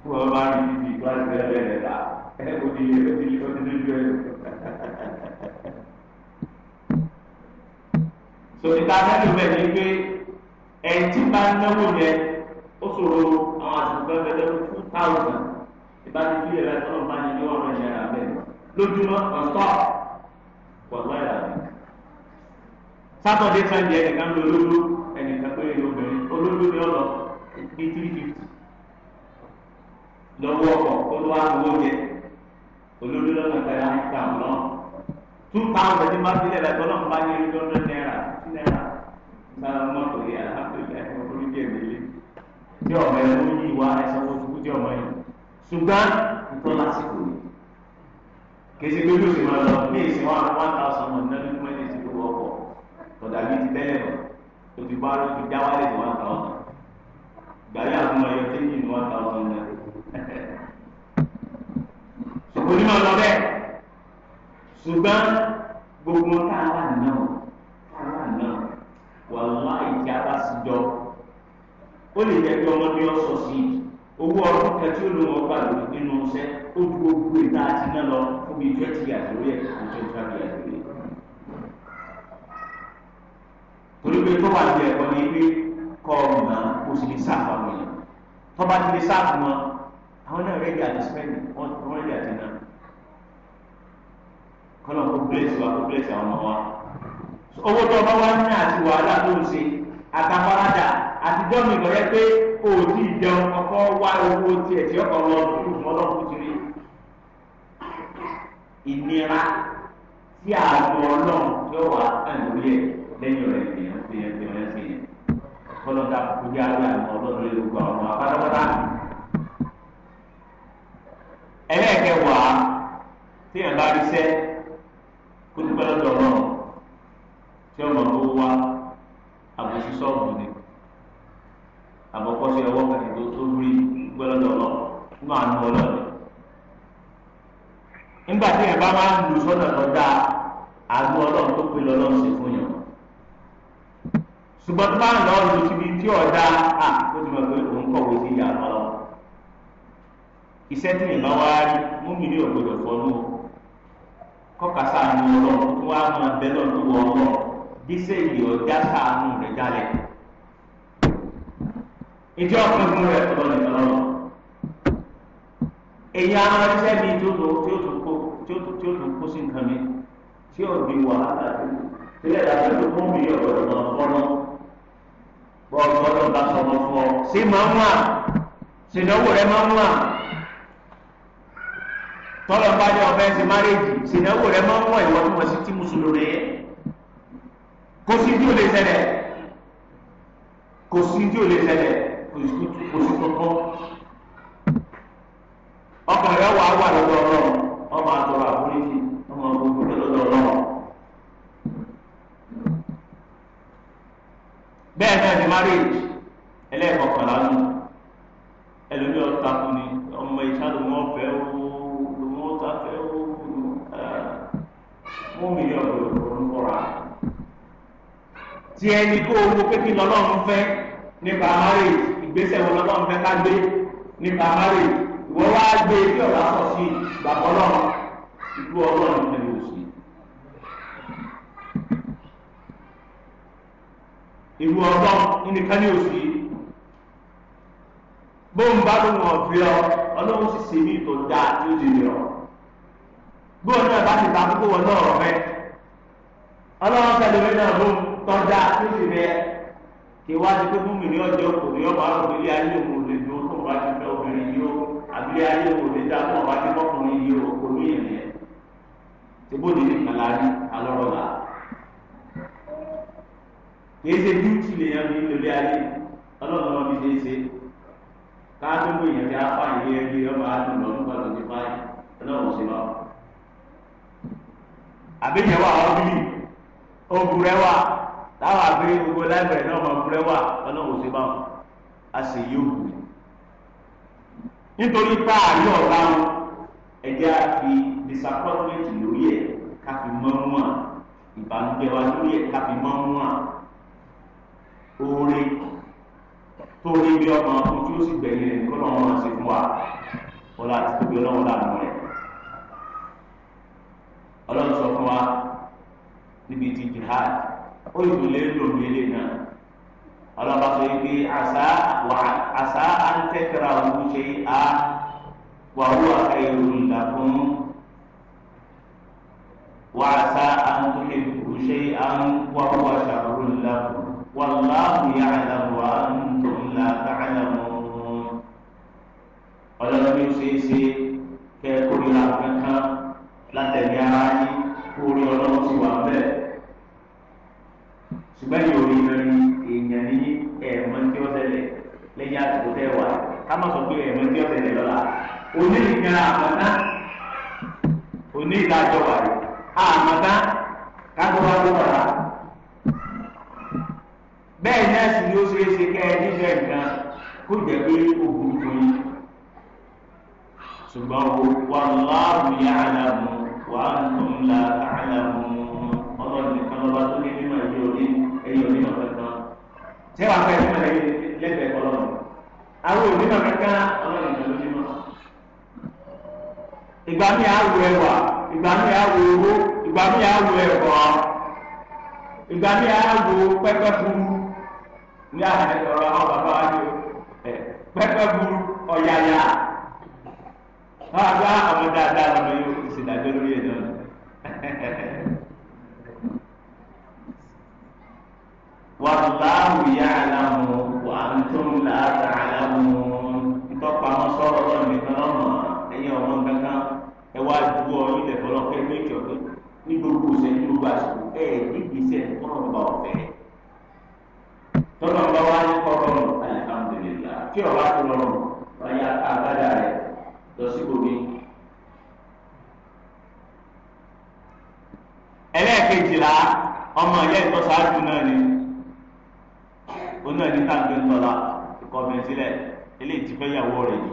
kí wọ́n bá rí ibi ìgbà ìgbẹ́ rẹ̀ ẹ̀ kò ní ẹ̀ ó ṣòro àwọn àtúntò ẹgbẹ́ two thousand ìbánisílẹ̀ rẹ tó lọ́ọ́ máa ní ní ọ̀rọ̀ ìyára bẹ́ẹ̀ lójúmọ́ ọ̀sọ́ pọ̀lọ́ ìyá rẹ̀. sátọ̀dé sànjẹ́ ẹnìkan ló lójú ẹnìkan pé obìnrin olójú ni ọ̀lọ́ ní three fifty lọ́wọ́ ọkọ̀ olúwa owó jẹ olójú lọ́nà tẹ̀lé àìsàn àmì náà two thousand ní máa sílẹ̀ rẹ tó lọ́ọ́ máa ní ní ọ̀rọ̀ náírà sílẹ̀ rà ní ọmọ òye àlàáfíà orí díẹ̀ tí ọmọ ẹ ló yí wa ẹsẹ̀ wọn tó kú tí ọmọ yìí ṣùgbọ́n tó lásìkò yìí kèsì pé bí o sì máa lọ ní ìsìn wa one thousand one náà nínú ẹni ìsìn tó wọ́pọ̀ tọ̀dà bíi ti bẹ́ẹ̀ lọ tó ti bá ló ti já wálé ní one thousand gbàyà fún ọyọ tí yìí ní one thousand náà ṣùgbọ́n ní lọ bẹ́ẹ̀ ṣùgbọ́n gbogbo táwa náà táwa náà wàlúwà ìjà bá sì ó lè jẹ́ pé ọmọdé ọ̀sọ̀ sí owó ọdún kẹtí ó lóun ọgbà lórí nínú ọ̀sẹ̀ ó ju gbogbo ìta àti náà lọ fún bíi twenty years lórí ẹ̀ àti twenty five years lórí ẹ̀. torí pé tó wà ní ẹ̀kọ́ ni pé kọ́ ọ̀nà kò sì ní sáà fún wọn tó bá ti ní sáà fún wọn àwọn náà rẹ́dí àti spẹ́ndì wọ́n rẹ́dí àti náà kọ́nà kó bílẹ̀sì wa kó bílẹ̀sì àwọn ọmọ wa owó tó ọba àtàkọ́rajà àti jọ́mi lọ yẹ pé o ò tí ì jẹun ọkọ wá owó tiẹ̀ tí ọkọ̀ lọ dúró fún ọlọ́run ti rí ìnira tí àjọ ọlọ́run yóò wá ẹ̀lórí ẹ̀ lẹ́yìn ọ̀rẹ́ ìyẹn ti yẹn ti yẹn ti yẹn kọ́lọ́ ta kó yá lọ àwọn ọlọ́run lé gbogbo àwọn apátápátá. ẹlẹ́ẹ̀kẹwàá tí yẹn bá rí sẹ́ kó dúpẹ́ lọ́dọ̀ náà tí ọmọ tó wá. sí sọ̀rọ̀ ni àkọ́kọ́ sí ọwọ́ kan ètò tó rí gbọ́dọ̀ lọ àánú nígbà tí ẹ̀ bá máa ń lu sọ́nà àánú tó fún yàn. ṣùgbọ́n ń lọ lu síbi tí ọ̀dà à ti mọ̀ pé òun kọ̀wé sí ìyá iṣẹ́ tí bí sèyí ọjà sàánú rẹ̀ jálẹ̀ ìjọ ọ̀pẹ fún rẹ̀ tọ́lọ́ ní tọ́lọ́ èyí àwọn ẹṣẹ́ mi tí ó tó tí ó tó kó tí ó tó tí ó tó kó sí nǹkan mi tí ó di wàhálà tí ilé ìdájọ́ tó fún mi yọ̀ ọ̀dọ̀ náà fọ́nà bọ́ọ̀lù ọ̀dọ̀ bá sọ̀rọ̀ fún ọ sí máa ń wà sìnáwó rẹ̀ máa ń wà tọ́lọ̀ bá ní ọ̀fẹ́ sí márèjì sìnáwó rẹ̀ máa ń wà ìwọ́n tí mùsùlùmí yẹn kò sí tí o lè ṣẹlẹ̀ kò sí tí o lè ṣẹlẹ̀ kò sí tuntun ọkàn rẹ wà wà lọ́dọ̀ Ọlọ́run ọmọ àtọrọ àforíjì ọmọ gbogbo rẹ lọ́dọ̀ Ọlọ́run bẹ́ẹ̀ náà ni marriage ẹlẹ́ẹ̀kọkànlá nù ẹlòmí ọta fún ni ọmọ ìṣá ló mọ ọfẹ ó ló mọ ọta fẹ ó mú mi ní ọdọ òun bọra ti ẹni kó o wo pé kí lọ́lọ́run fẹ́ nípa amárè ìgbésẹ̀ wọn lọ́lọ́run fẹ́ ká gbé nípa amárè ìwọ wá gbé tí ọ̀rá sọ sí bàbá ọlọ́run ìlú ọlọ́run ní ẹni òsì. ìlú ọlọ́run nìkan ní òsì. bóun bá lóun ọ̀fẹ́ ọ ọlọ́run sì ṣe ní ìtọ́ dáa tí ó ti rí ọ. bóun náà bá ti ta kókó wọn náà rọ̀ fẹ́ ọlọ́run tẹ̀lé mi náà lóhun. tọ́jà sísì rẹ kí wá ọjọọ pé fún mi ní ọjọ́ kò ní ọba àwọn ilé ayé òun lè dúró tó wá ti fẹ́ obìnrin yìí ayé òun lè dá tó wá ti yìí kò ní ìrìn ẹ̀ ṣe ayé ọlọ́run náà ṣe é ṣe apá ẹbí ọba àdùn táwọn abiri gbogbo láìpẹ́ náà máa fúrẹ́ wà ọlọ́run ṣe báwọn a sì yí òkú nítorí páàrí ọ̀gá wọn ẹ̀jẹ̀ àfi disappointment lórí ẹ̀ ká fi mọ́ mọ́ à ìbànújẹ́ wa lórí ẹ̀ ká fi mọ́ mọ́ à oore tó rí bí ọmọ ojú ó sì gbẹ̀yìn rẹ̀ kọ́ lọ́wọ́ máa ṣe fún wa ọlá àti tóbi ọlọ́run làánú rẹ̀ ọlọ́run sọ fún wa níbi ti jihad ó yìí lè lò nílé náà ọlọ́ba sọ yìí pé àṣà wà àṣà àńtẹ́tẹ̀rà òun ṣe á wà wú àṣà ìròyìn ìlà fún wà àṣà àńtẹ́tẹ̀rà òun ṣe á wà wú àṣà ìròyìn ìlà fún wàlláhu ya'lamu wa antum la ta'lamun ọlọ́ba mi ṣe é ṣe kẹ́ẹ́ kórìíra kankan látẹ̀lé ara yín kórìí ọlọ́ba ṣùgbọ́n yìí orí iná ni èèyàn ní ẹ̀ẹ̀mọ tí ó tẹ̀lẹ̀ lẹ́yìn àsìkò tẹ̀ wá ká má sọ pé ẹ̀ẹ̀mọ tí ó tẹ̀lẹ̀ lọ́la oní ìkan àmọ́tá oní ìdájọ́ wà rẹ̀ àmọ́tá kájọ wá ló wà rà bẹ́ẹ̀ náà sì ni ó ṣeé ṣe kẹ́ ẹ nífẹ̀ẹ́ nǹkan kó jẹ́ pé ó burú tó yín ṣùgbọ́n wàlláhu ya'lamu wa antum la ta'lamun ọlọ́run nìkan lọ́ba tó ní mímọ̀ ìdí òní ṣé wàá fẹ́ fún ẹ̀rẹ́ lẹ́gbẹ̀ẹ́ kọ́ lọ́nà àwọn òbí náà kankan ọlọ́run ìjọ ló ní mọ́. ìgbà mi àwọ̀ ẹwà ìgbà mi àwọ̀ owó ìgbà mi àwọ̀ ẹ̀kọ́ ìgbà mi àwọ̀ pẹ́pẹ́ buru ní àhàlẹ́ ọ̀rọ̀ àwọn bàbá wa ni pẹ́pẹ́ buru ọ̀yàyà wọ́n á gbá àwọn dáadáa lọ́nà yóò ìsìndájọ́ lórí ẹ̀ náà. wàlláhu ya'lamu wa antum la ta'lamun ntọ́pọ̀ àwọn sọ̀rọ̀ lọ́nà nìkan lọ́nà ẹ̀yìn ọ̀mọ́ kankan ẹ wá ju ọ ilẹ̀ fọlọ́ pé ní ìjọba ní gbogbo ìṣẹ́jú gbogbo àsìkò ẹ̀ níbi iṣẹ́ tọ́nà bá ọ̀fẹ́ tọ́nà bá wá ní kọ́kọ́rọ̀ alhamdulillah tí ọba tó lọ́rùn wáyà agbádá rẹ̀ lọ sí gbogbo ẹlẹ́ẹ̀kejìlá ọmọ ilé ìtọ́sáájú náà ni onú ẹni tá à ń gbé ńtọ́lá ìkọ̀mẹ̀ sílẹ̀ eléyìí ti fẹ́ yàwó rẹ̀ ni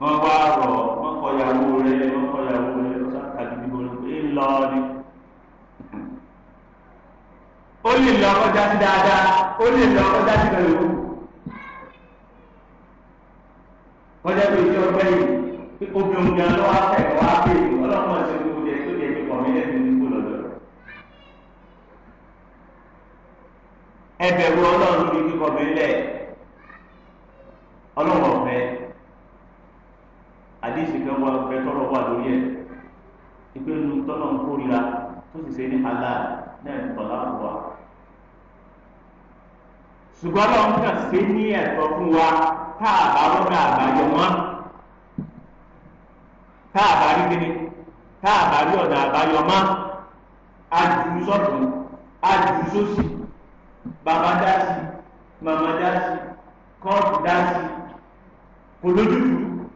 wọ́n wá rọ̀ kọ yàwó rẹ̀ wọ́n kọ yàwó rẹ̀ ọ̀sán tàbí bí wọ́n pè é ó lè lọ ọkọjá sí dáadáa ó lè lọ ọkọjá sí bẹ̀rẹ̀ òkú. wọ́n jẹ́ pé ìjọba yìí obìnrin gan lọ́wọ́ àtẹ̀kọ́ wá bèèrè ọlọ́mọ ṣe ẹbẹ̀ wo ọlọ́run lórí kíkọ bẹ́lẹ̀ ọlọ́run ọ̀fẹ́ àdéhìsì kan wà ọ̀fẹ́ tọ́lọ̀ wà lórí ẹ̀ ìpè nu tọ́lọ̀ ń kórira tó sì ṣe ní halal náà ń tọ́lá wà. ṣùgbọ́n ọlọ́run kàn ṣe ní ẹ̀tọ́ fún wa tá a bá wọ́n náà àbájọ mọ́ tá a bá rí kíni tá a bá rí ọ̀nà àbáyọ mọ́ adùn sọ́tún adùn sósì bàbá dá sí màmá dá sí kọ́ọ̀tù dá sí kò lójútùú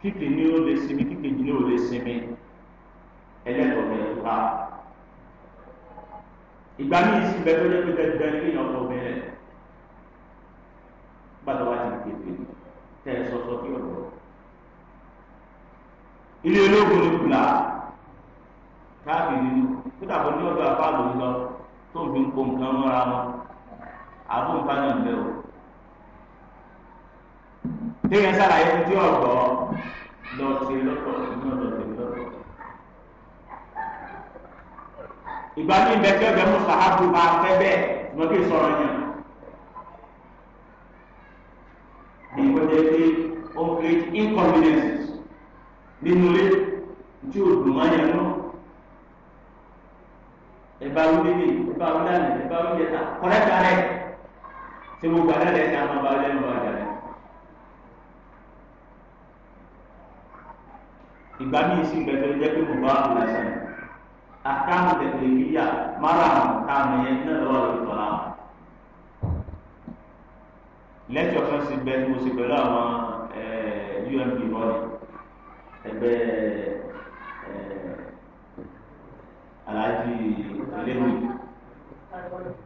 kíkè ní ó lè sinmi kíkè ní ó lè sinmi ẹlẹ́tọ̀ọ́ bẹ̀rẹ̀ tó bá ìgbà míì sí bẹ́ẹ̀ tó yẹ pé bẹ́ẹ̀ bẹ́ẹ̀ ní ọ̀tọ̀ bẹ̀rẹ̀ gbàdọ̀ wá ti kéde tẹ̀ ẹ́ kí ọ̀rọ̀ ilé ológun ni kùlà káàkiri nínú kódà bọ́ ní ọ̀dọ̀ àbá lòún lọ. tó fi ń kó nǹkan mọ́ra wọn àbúǹkan náà ń bẹ o. téèyàn ṣàlàyé ti ọ̀dọ́ lọ sí lọ́tọ̀ ìgbọ́n lọ lọ́tọ̀. ìgbà tí bẹ tí ọ̀dọ́ mú sàhábù kí yẹn. bí wọ́n jẹ́ pé ó ń create nínú ilé ẹ̀bá wúlé mi ẹ̀bá wúlé àná ẹ̀bá wúlé ta kọ́lẹ́ ta rẹ̀ ṣé gbogbo àná rẹ̀ ṣe àwọn ọba lẹ́nu ọba jà rẹ̀. ìgbà míì sì gbẹ̀tọ̀ jẹ́ pé mo bá wà lásán àtàwọn tẹ̀lé yíyà márùn-ún táwọn yẹn náà lọ́wọ́ lórí tọ́lá lẹ́tọ̀ kan sì bẹ́ẹ̀ mo sì pẹ̀lú àwọn UMP bọ́ọ̀lù ẹgbẹ́ aláàjì eléwì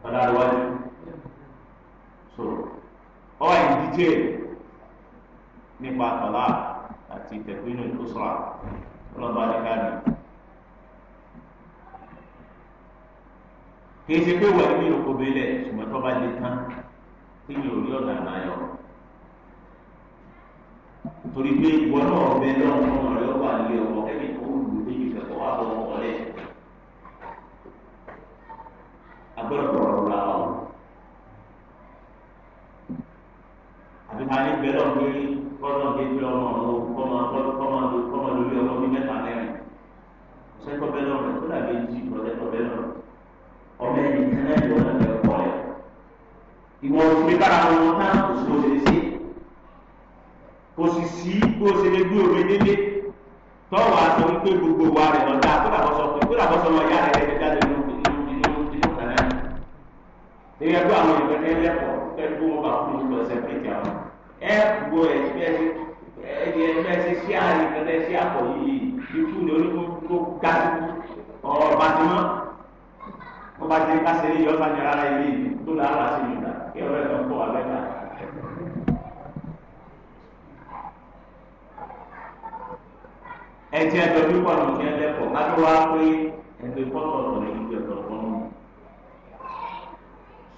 ọlọ́wọ́dì so ọwọ́ ìdíje nípa àtọ̀lá àti tẹ̀kínú tó sọ̀rọ̀ ọlọ́ba ní káàdì. kì í ṣe pé wà nínú okòbí lẹ̀ ṣùgbọ́n tó bá lè tán kí ni òrí ọ̀nà àbáyọ. torí pé ìwọ náà ọbẹ̀ lọ́wọ́ ọmọ rẹ̀ ọba lé ọmọ kẹ́kẹ́ kó wù ú débi kẹ́kọ̀ọ́ wà lọ́wọ́. gbọ́dọ̀ kọ̀ọ̀rọ̀ ra ọ. àbí ta ní bẹ́ẹ̀ lọ́ọ́ pé kọ́nà bíi pé ọmọ ọ̀hún kọ́mọ kọ́mọ kọ́mọ lórí ọmọ bíi mẹ́ta mẹ́rin sẹ́kọ̀ bẹ́ẹ̀ lọ́ọ́ rẹ̀ tó dàbí jí ìrọ̀lẹ́kọ̀ bẹ́ẹ̀ lọ́ọ́ ọmọ ẹ̀yìn kan náà ìwọ náà bẹ̀rẹ̀ kọ́ ẹ̀. ìwọ òfin bára wọn náà kò sí òṣèré sí kò sì sí kó o ṣe lè gbé omi nílé tọ́wọ́ àtọ̀ wípé gbogbo wa rẹ̀ lọ́dà kó làbọ̀sọ̀ kó làbọ̀sọ̀ lọ́ọ́ yá rẹ̀ lẹ́gbẹ̀ẹ́ èyí ẹgbẹ́ àwọn ìgbẹ́ tẹ́ lẹ́kọ̀ọ́ kẹ́lí kó wọn bá fún un lọ sẹ́pẹ̀tì àwọn ẹ gbọ́ ẹgbẹ́ sí àárín kẹ́lẹ́ sí àpọ̀ yìí ikú ni oníkókó gásíkú ọ̀rọ̀ bá ti mọ́ wọ́n bá ti kásẹ̀ yìí ọba ní ara ilé yìí tó lọ́ àlá sí ìgbà kí ọ̀rọ̀ ẹ̀ lọ́kọ̀ àbẹ́ta. ẹ̀jẹ̀ ẹ̀dọ̀ bí pọ̀ lọ́kẹ́ lẹ́kọ̀ọ́ ká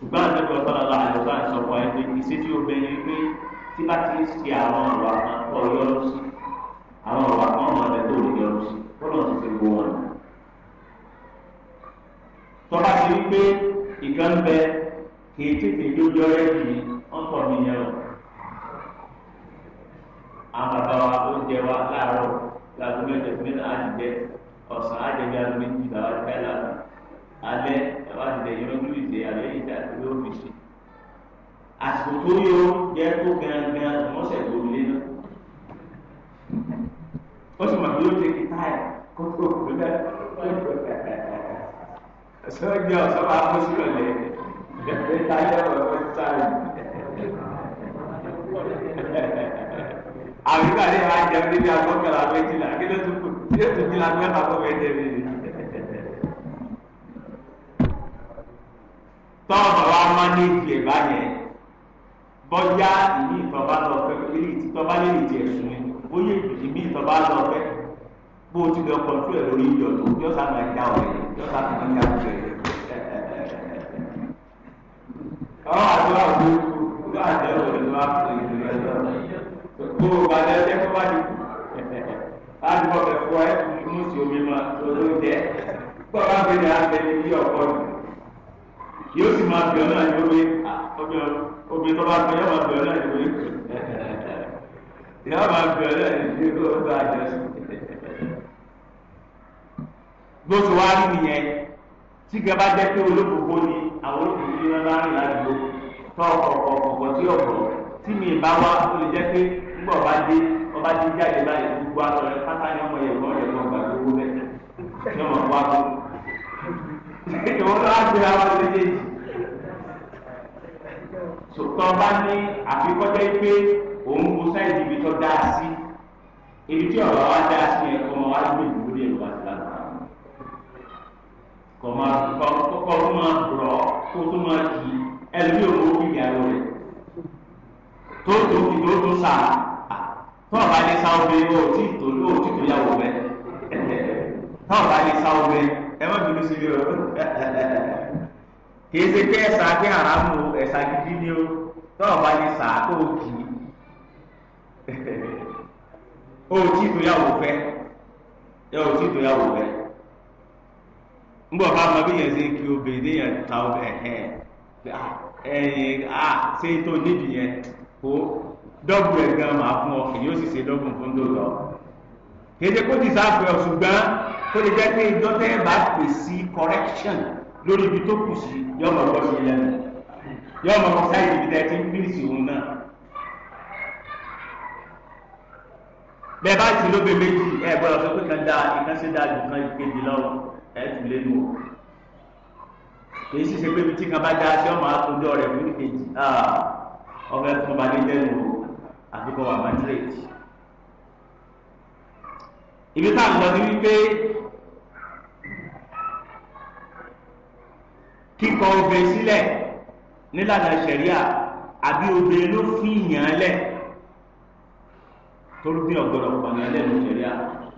ṣùgbọ́n àti ọ̀sán ọ̀sán ọ̀la àyọ̀ká ìṣọ̀kan ẹgbẹ́ ìṣe tí obìnrin pé tí bá ti ń ṣe àwọn ọ̀rọ̀ àkọ́kọ́ yọrù sí àwọn ọ̀rọ̀ àkọ́kọ́ ọ̀rẹ́ tó lè yọrù sí ó lọ sí gbogbo wọn. tọ́ba ti rí pé ìkan ń bẹ kì í tètè yójọ rẹ̀ yìí ọ̀pọ̀ mi yẹn o. àwọn bàbá wa oúnjẹ wa láàárọ̀ láti mẹ́jọ mẹ́ta àdìjẹ ọ̀sán àjẹjẹ àdìjẹ bàbá kẹ́lá alẹ́ bàbá àdìjẹ yọrọ tó fi ṣe àsìkò tó yọ jẹ tó gangan wọn sẹ tó lé náà ó sì mọ bí ó ti kí táyà kó tó kó lẹ sọjọ sọba kó sí ọlẹ ẹ táyà ọlọpàá táyà àbíkà ní ìhà jẹun níbi agbọ́kẹ̀lá méjìlá kí ló tún kù tí ó tún jìlá mẹ́ta tó fẹ́ jẹ mí. tọ́ mánéèjì ẹ̀ báyẹn bọ́yá ìní ìtọ́ba lọ fẹ́ ilé ìtọ́ba lè jẹ ẹ̀sùn ẹ̀ bóyá ìní ìtọ́ba lọ fẹ́ bó o ti lọ kọ̀ọ̀tù ẹ̀ lórí ìjọ tó yọ sábà já ọ̀rẹ́ yọ sábà já ọ̀rẹ́ ọ̀ àdúrà wo ló àjẹ́ ọ̀rẹ́ ló wá fún ìdílé ẹ̀dọ́ kó o bá lẹ́ jẹ́ kó bá di kú láti bọ̀ bẹ̀ fọ ẹ̀ mú sí omi mọ́ lọ́dọ̀ jẹ́ kó o bá gbé ní abẹ́ ní ọ̀pọ̀ nù. yóò sì máa bẹ̀ ọ́ náà yóò wé obìnrin tó bá pẹ́ máa bẹ̀ náà yóò wé yóò máa bẹ̀ náà yóò wé kó tó àjọ sí. bó ti wá rí nìyẹn tí kẹ bá jẹ́ pé ni àwọn rìn ọ̀pọ̀ ọ̀pọ̀ tí ọ̀pọ̀ tí mi bá wá ó lè jẹ́ pé nígbà ọba dé ọba dé jáde báyìí gbogbo àtọ̀rẹ́ pátá ni ọmọ ìwọ ló á gbé àwọn méjèèjì sòtọ́ bá ní àfikọ́jẹ́ pé òun kò sáyẹ̀dì ibi tó dáa sí ibi tí ọ̀rọ̀ wa dáa sí yẹn kọ́ ma wá gbé ìlú lórí ẹ̀rọ àti lánàá kọ́ ma kọ́ tó ma rọ̀ kó tó ma kì í ẹlẹ́bí òun ó kìlì àlọ́ rẹ̀ tó tó kì tó tó sà tó ọ̀bá ní sáwọ́ bẹ́ẹ̀ ó tì tó lóòótì tó yàwó bẹ́ẹ̀ tó ọ̀bá ní sáwọ́ bẹ́ẹ̀. ẹ má bínú sí mi o kìí ṣe pé ẹ̀sà kí àràmù ẹ̀sà gidi ni o tọ́ọ̀ bá lè sà kó o kì í o tí ìtòyàwó fẹ́ ẹ o tí ìtòyàwó fẹ́ nbọ̀ bá ma bí yẹn ṣe kí o bèèrè yẹn ko ọ bẹ̀ ẹ̀ ẹ̀yìn yosi ṣe tó níbi yẹn kéde kó ti sáfẹ́ ọ̀ṣùgbọ́n kó lè jẹ́ pé ìjọ tẹ́ ẹ bá pè sí correction lórí ibi tó kù sí yọ ọmọ ọgbọ́n sí lẹ́nu yọ ọmọ ọgbọ́n sáyé ibi tẹ́ ti ń bí ìṣòro náà. bẹ́ẹ̀ bá ti lóbe méjì ẹ gbọ́dọ̀ sọ pé kan dáa ìkan ṣe dáa ju kan kejì lọ́wọ́ ẹ tù lé nù ọ́ èyí sì ṣe pé ibi tí kan bá dáa sí ọmọ àtúndọ̀ rẹ̀ fún ìkejì ọmọ ẹ̀kọ́ bá dé jẹ́ nù àfikọ́ wà mátíréètì ibi tá a lọ ní wípé kíkọ obe sílẹ̀ nílànà sẹ̀ríà àbí obe ló fi yàn lẹ̀ torí bí ọ̀gbọ́dọ̀ pààyàn lẹ́nu sẹ̀ríà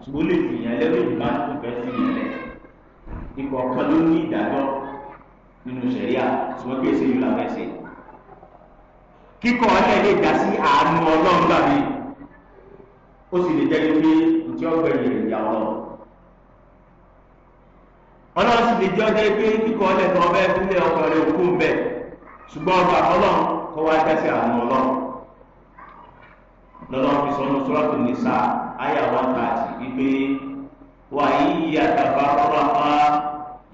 ṣùgbọ́n lè fi yàn lẹ́nu ìgbà tó fẹ́ sí yàn lẹ̀ ikọ̀ kan ló ní ìdájọ́ nínú sẹ̀ríà ṣùgbọ́n kí èsì yìí làwọn ẹ̀sìn kíkọ ọlẹ́ lè dá sí àánú ọlọ́run gbàgbé ó sì lè jẹ́ pé tí ọgbẹ yìí rẹ yà ọlọ Ọlọ́run sì lè jẹ ọjọ́ pé kíkọ ọlẹ tó ọbẹ fúnlẹ ọkọ rẹ òkú mbẹ ṣùgbọ́n ọgbà Ọlọ́run kọ wá dásí àwọn Ọlọ́run lọ́lọ́run fi sọnù sọlọtò nìsa àyà wọn ta àti ìgbé wàyí yàtàbà rọpá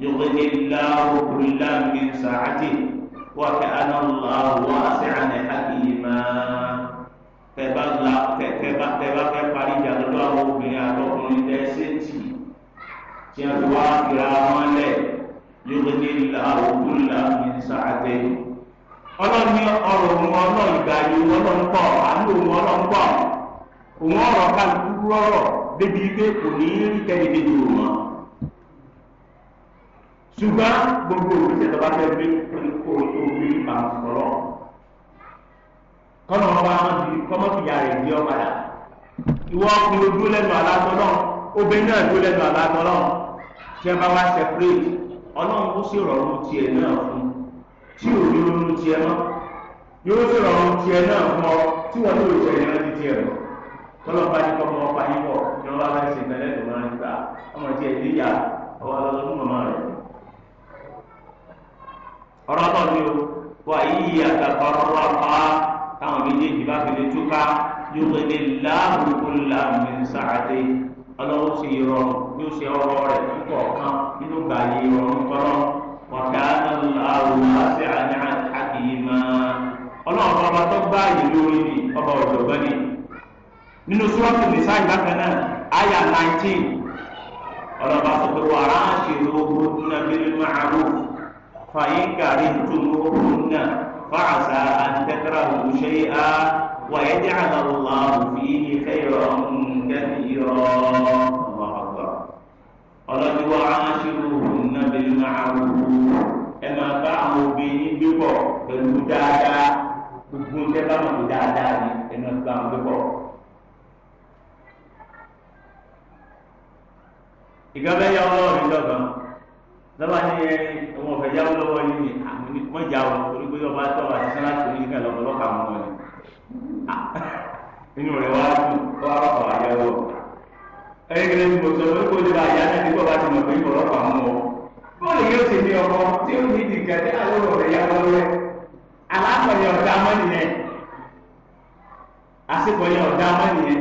yọgbẹni láwù kùlá mi sàátì wàkẹ́ àná làwọn àṣẹ àná àkìyèmá tẹ̀bá la tẹ̀bá tẹ̀bá fẹ́ parí ìjà lọ́dọ̀ àwọn obìnrin àtọkùnrin tẹ̀ ṣe tì tí a fi wá fìrà wọn lẹ̀ yóò ní ìlà òkun là ní sàádé. ọlọ́run ní ọ̀rọ̀ òun ọlọ́run ìgbà yìí ọlọ́run pọ̀ àánú òun ọlọ́run pọ̀ òun ọ̀rọ̀ kálukú rọ̀rọ̀ débi pé kò ní rí kẹ́nìkejì òun mọ́. ṣùgbọ́n gbogbo òun ṣẹ̀dá bá fẹ́ gbé kó tó gbé ìbámu kọ́nà wọn bá wọn ti kọ́mọ́ ti yà rẹ̀ yọ padà ìwọ ọkùnrin dúró lẹ́nu àlátọ́ náà obìnrin náà dúró lẹ́nu àlátọ́ náà tí ẹ bá wá sẹpẹrẹtì ọlọ́run ó sì rọrùn tiẹ̀ náà fún tí ò ní ronú tiẹ̀ mọ́ yóò sì rọrùn tiẹ̀ náà fún ọ tí wọ́n ní òòjẹ́ ìrántí tiẹ̀ mọ́ kọ́lọ́ bá ní kọ́mọ ọba yín pọ̀ ní wọ́n bá fẹ́ ṣe ìtẹ́lẹ̀ tó máa ń gbà ọmọ tí ẹ̀ níyà ọwọ́ lọ́dún fún màmá rẹ̀ o wà táwọn méjèèjì bá fi lè túká yóò wé ní láàbùkù láàmì sàádé ọlọ́wọ́ sì rọrùn yóò ṣe ọrọ̀ rẹ̀ púpọ̀ kan nínú gbàyè ọ̀run tọ́lọ́ wàkàánà àrùn àti àkìyèmá ọlọ́run ọba tó gbá àyè lórí ni ọba ọ̀jọ̀gbọ́n ni nínú sọ́ọ̀tù nìṣá ìbákan náà àyà 19 ọlọ́ba sọ pé wàrà àṣìlò ogun nàbẹ́rẹ́ máa rò fàyín kàrí tó lóhùn náà. فعسى أن تكرهوا شيئا ويجعل الله فيه خيرا كثيرا الله أكبر قال وعاشروهن بالمعروف أما فعلوا به بكم بالمدادة gbogbo tẹ bá wọn fi dáadáa ni ẹnu ẹgbẹ́ àwọn lọ́wọ́ ọmọ ọ̀fẹ́ jáwó lọ́wọ́ yìí ni àwọn onímọ̀já o torí pé ọba tó ọba sísan láti orí nígbà lọ́pọ̀lọpọ̀ àwọn ọmọ rẹ̀ inú rẹ̀ wá dùn kó wá rọ̀pọ̀ àyẹ̀wò ẹ̀yìn kìlẹ̀ ní mo sọ pé kó lè bá àyà náà nígbà bá ti mọ̀ pé ìkọ̀rọ̀pọ̀ àwọn ọmọ bọ́ọ̀lù yóò ti ní ọkọ tí ó ní ìdìgà tí àwọn ọ̀fẹ́ jáwó lọ́wọ́ alákọ̀ọ́yẹ ọ̀dà mọ́ nìyẹn àsìkọ̀ọ́yẹ ọ̀dà mọ́ nìyẹn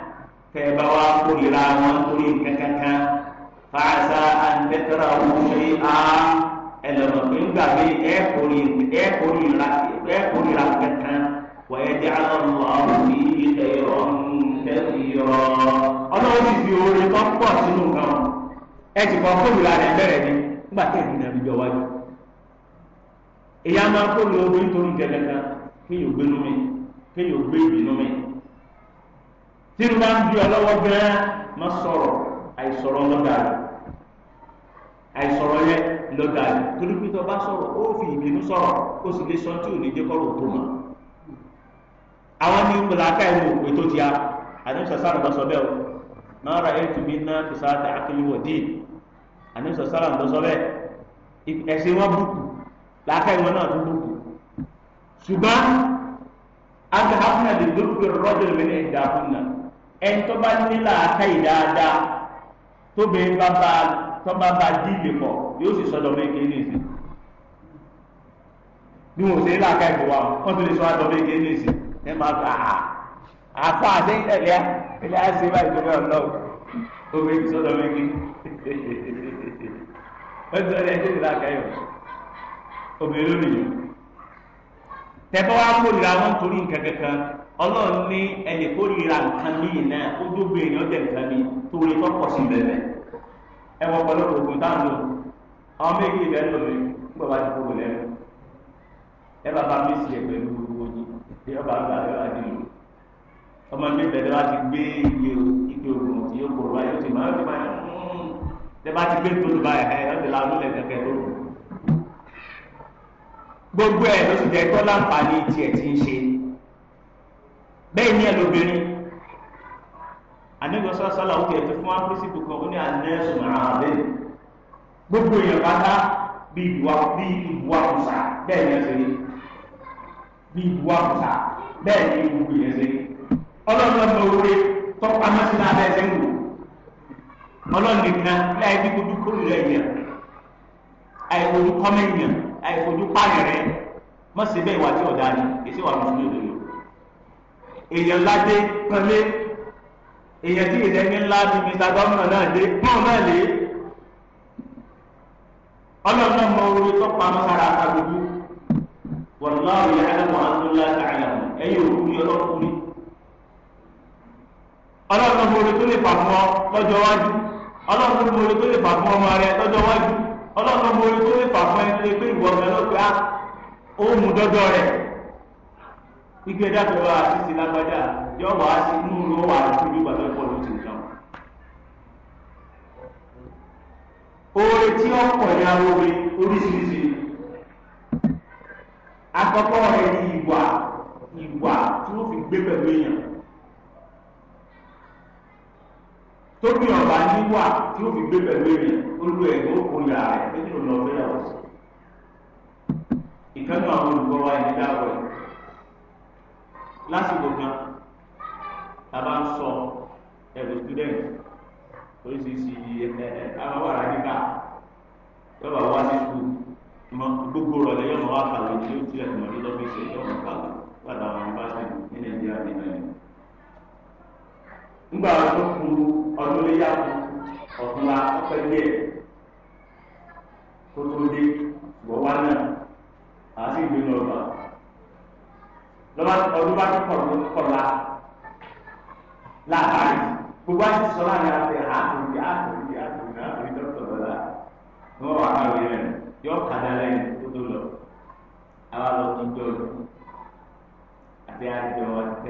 tẹ bá wá kórìíra wọn torí nǹkan kankan fàáṣà àǹtẹ̀tẹ̀rà òṣèré á ẹlẹ́nu nígbà bí ẹ kórìíra kankan wọ́n yẹ àwọn fi ẹ̀rọ kẹsìrọ̀ ọlọ́run ti fi oore tó pọ̀ sínú nǹkan ẹ ti kọ́ kórìíra rẹ̀ bẹ̀rẹ̀ ni nígbà tí èdè náà fi jọ wájú ìyá máa kórìíra omi nítorí nǹkan kankan kéèyàn gbénu mi kéèyàn gbé ìbínú mi tí n bá ń bí ọ lọ́wọ́ gan-an má sọ̀rọ̀ àìsọ̀rọ̀ lọ́gà rẹ̀ àìsọ̀rọ̀ yẹ lọ́gà rẹ̀ torí pé tó bá sọ̀rọ̀ ó fi ìbínú sọ̀rọ̀ ó sì lè sọ tí ò ní jẹ́ kọ́rọ̀ tó mọ̀ àwọn ní ìpìlẹ̀ aká ìlú òpè tó ti a àdéhùn sáà lọ sọ bẹ́ẹ̀ o máa ra ètò mi ná kìsà àti àkìlíwọ̀ díì àdéhùn sáà lọ sọ bẹ́ẹ̀ ẹ̀sìn wọn bùkù làákà ìwọ náà tún bùkù ṣùgbọ́n agahabna lè dúró rọjò lómìnira ìdáhùnà ẹni tó bá nílà aka yìí dáadáa tó bẹ bá bá tó bá bá díìlì pọ yóò sì sọdọ mẹ kéé nìyí bí wọn ò sí nílà aka yìí wà wọn tó lè sọ àdọ mẹ kéé a ẹ máa fà á àfa àti ìtẹlẹ ìtẹlẹ àti ìbá ìtẹlẹ ọlọ tó bẹ sọdọ mẹ kéé ẹ tó lè ṣe nílà aka yìí obìnrin lónìí tẹ́fọ́ wá kórìíra wọn torí nǹkan kankan ọlọ́run ní ẹnì kórìíra nǹkan míì náà ó dógbé èèyàn jẹ nǹkan míì torí tó pọ̀ sí bẹ̀rẹ̀ ẹ wọ pẹ̀lú oògùn táwọn lò àwọn méjì ibẹ̀ lò mí nígbà wá ti kúrò lẹ́nu ẹ bàbá mi sì ẹ pẹ̀lú gbogbo yìí ẹ bàbá mi bàbá mi dì mí ọmọ mi bẹ̀rẹ̀ wá gbé iye ike oògùn tí yóò kúrò wáyé ó ti máa ń ti gbé tó lù báyìí ti la tó gbogbo ẹ̀ ló sì jẹ́ tó láǹfààní tiẹ̀ ti ń ṣe bẹ́ẹ̀ ni ẹ̀ lóbìnrin anagbèsọ sọlá ó tiẹ̀ tó fún apẹ́sí kankan ó ní anẹ́sùn náà bẹ́ẹ̀ gbogbo èèyàn pátá bí ìbúwa bí ìbúwa kùsà bẹ́ẹ̀ ni ẹ̀ ṣe bí ìbúwa kùsà bẹ́ẹ̀ ni gbogbo èèyàn ṣe ọlọ́run ọmọ òwe tọ́pọ̀ amásí náà bẹ́ẹ̀ ṣe ń wò ọlọ́run nìkan láì bí gbogbo kórìíra èèyàn àìwòrú kọ́mẹ́yìn àìfojú pààyàn rẹ má ṣe bẹ́ẹ̀ ìwà tí ọ̀dà ni èsì wà mùsùlùmí èèyàn ńlá dé èèyàn tí ní ńlá bí mr gómìnà náà dé náà lé mọ orí tó pa àgbègbè wọn náà mọ orí tó lè ọ wájú ọlọ́run mọ orí tó lè ọmọ ọlọ́run ló mọ orí tó lè fà fún ẹni tó lè pé ìwọ ọ̀gá ló gbá òun dọ́dọ̀ rẹ̀ ike dábẹ́ wa àtúnṣe lágbájá yọ wà á sí inú ló wà á tóbi gbàgbé pọ̀ ti jẹun. oore tí ó pọ̀ ní aróore oríṣiríṣi àkọ́kọ́ rẹ̀ ìwà ìwà tí wọ́n fi gbé pẹ̀lú èèyàn. tóbi ọba níwà tí ó fi gbé pẹ̀lú èrè olú ẹ̀gbọ́n òkúlà rẹ̀ méjì ló lọ bẹ́ẹ̀ sí. àwọn olùkọ́ wa yìí dáwọ̀ ẹ̀ lásìkò kan la bá ń sọ ẹ̀rù student oríṣiríṣi àwọn àràdíkà yọba wá sí skul gbogbo rọlẹ yọba wá kàwé tí ó tilẹ̀ mọ́ ní lọ́fíìsì yọba kàwé wà láwọn yunifásitì ní nàìjíríà nígbà wọn tó kú ọdún lé yàtọ̀ ọdún la ọpẹ díẹ̀ kó tó dé wọ wá náà àá sì gbé lọ bá lọba ọdún bá tó kọlọ kọlá làbáyé gbogbo àti sọlá ni a fẹ àtòrí àtòrí àtòrí àtòrí dọkítọ lọlá ní wọn wà káwé rẹ yọ kàdá lẹ́yìn tó tó lọ àwọn àlọ tó ń jọ ọdún àti àjọ àti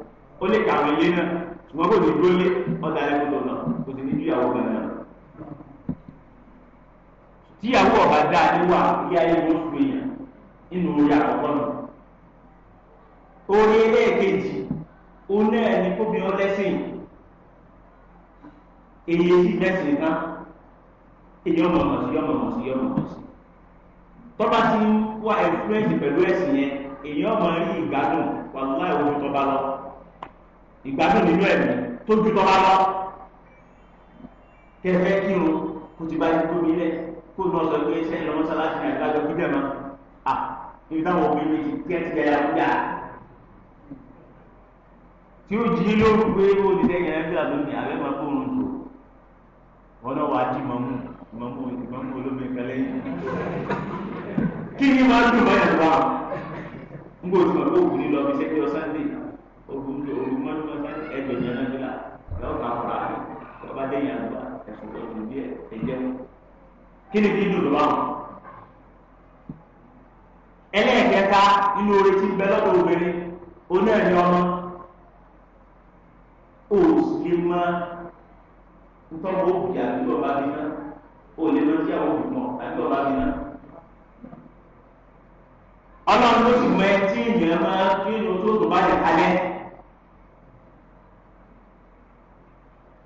ó lè kàwé ilé náà ṣùgbọ́n kò ní gbólé ọ̀dà ẹ̀kọ́ tó náà kò sì ní ju ìyàwó kan náà. tíyàwó ọ̀bà dáa ní wà kí ayé wọn fún èèyàn nínú orí àkọ́kọ́ orí ẹlẹ́ẹ̀kejì èyí sì dẹ́sìn èyí ọmọ ọmọ sí ọmọ ọmọ sí ọmọ ọmọ sí tọ́ba ti ń wá pẹ̀lú ẹ̀sìn yẹn èyí ọmọ rí ìgbádùn ìgbádùn nínú ẹ̀mí tó ju tọ́lá lọ kẹfẹ́ kí o kò ti bá yín tó mi lẹ̀ kó lọ sọ pé iṣẹ́ ìlọ mọ́sálásí ní àgbájọ gbígbẹ̀ mọ́ à ibi táwọn òbí mi ti kẹ́ ti tí ó jí ló ó sẹ́yìn àbẹ́ máa kó ogun lé ogun mọ́tò mọ́tò ẹgbẹ̀rún yẹn lọ́jọ́ la yọ̀ọ́ kà fà á ni kí dùn lọ́wọ́ ẹlẹ́ẹ̀kẹta nínú oore tí ń bẹ lọ́dọ̀ obìnrin oná ẹ̀yìn ọmọ o sì lè mọ ntọ́gbọ́ òkè àti bọ́ba bí náà o lè lọ sí àwọn òkùnkùn àti bọ́ba bí náà ọlọ́run ló sì mọ ẹ tí ìyẹn máa ń fi inú tó tó bá yẹ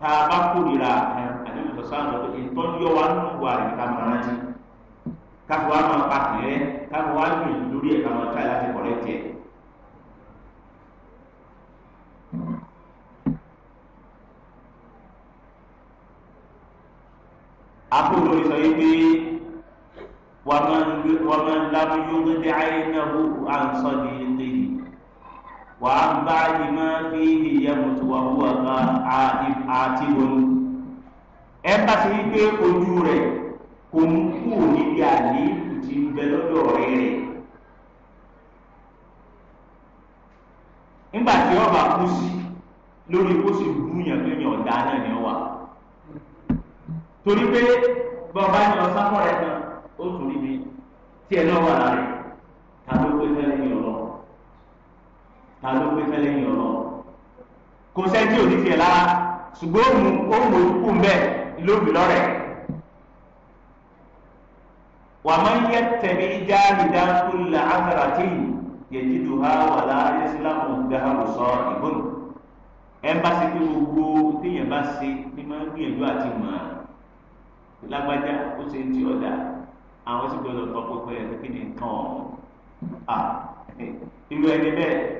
tá a bá kórìíra àti ìfọ̀sán lọ pé ìtọ́jú ọwọ́ nínú ìwà rẹ̀ ká mana rántí káfọ wa máa pa tẹ̀lé káfọ wa gbìyànjú lórí ẹ̀ ká máa ká láti kọ̀rẹ́ tiẹ̀. àbúrò sọ yìí pé wàá máa ń lábúyó gbé dé àyè náà wò وعن بعد ما فيه يموت وهو عاتب ẹ̀ka ṣe yí pé ojú rẹ̀ kò ń kú níbi àléébù tí ń bẹ lọ́dọ̀ ọ̀rẹ́ rẹ̀ nígbà tí ọba kú sí lórí kó sì gbúyàn pé yàn ọ̀dà náà ni wà torí pé rẹ̀ kan ó tún níbi tí ẹ náà wà lára tàbí ó ta ló gbé fẹ́lẹ́ yìí ọ̀rọ̀ kò sẹ́ńtì òní tiẹ̀ lára ṣùgbọ́n òun òun òkú mbẹ́ lóbi lọ́rẹ̀ wà má ń yẹ tẹ̀lé jáde dáńtó la ákàrà téyì yẹtí tó ha wà láàrin sílámù gbàhàmù sọ ìbọn ẹ bá ṣe pé gbogbo téèyàn bá ṣe ni máa ń gbìyànjú àti mọ̀ lágbájá ó ṣe ń ti ọ̀dà àwọn sì gbọdọ̀ tọpọ pé ẹni kí ni nǹkan ọ̀hún à irú ẹni bẹ́ẹ̀.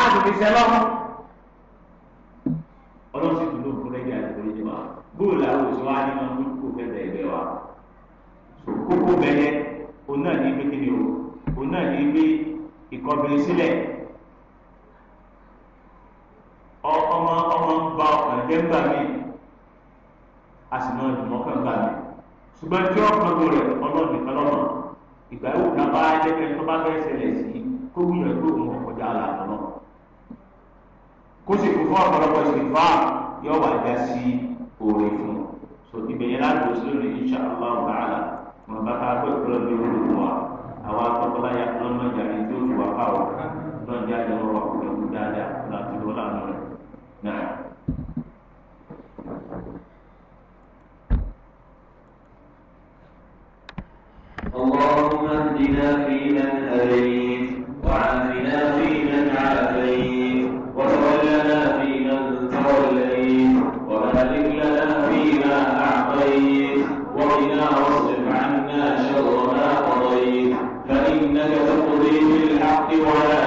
á sì fi ṣẹ́ lọ́wọ́ ọlọ́run sì tún ló ń kó lẹ́yìn àti orí wa bóòlù àwọn òṣèlú wa ni ma ń kó fẹ́ bẹ̀rẹ̀ wa kókó bẹ̀yẹ òun náà ní ibi kíni o òun náà ní ibi ìkọbìnrin sílẹ̀ ọmọ ọmọ ń ba ọkàn jẹ́ ńgbà mi a sì máa dùn ọkàn gbà mi ṣùgbọ́n tí ọkàn gbò rẹ̀ ọlọ́run nìkan lọ́mọ ìgbà yóò ká bá jẹ́ pé tó bá fẹ́ ṣẹlẹ̀ sí kó wúyọ̀ tó mọ̀ kọjá àlàkùn náà. kó sì kú fún ọ̀pọ̀lọpọ̀ ìsìnfà si wà so ìbẹ̀yẹ láti oṣù lónìí insha allah ta'ala wọn bá ká pé kúrò ní olùkú wa àwọn akọ́kọ́láyà do wa tó wa wá ja lọ́nà wa wọn wà da da dáadáa láti do la rẹ̀ na اللهم اهدنا فيمن هديت وعافنا فيمن عافيت want to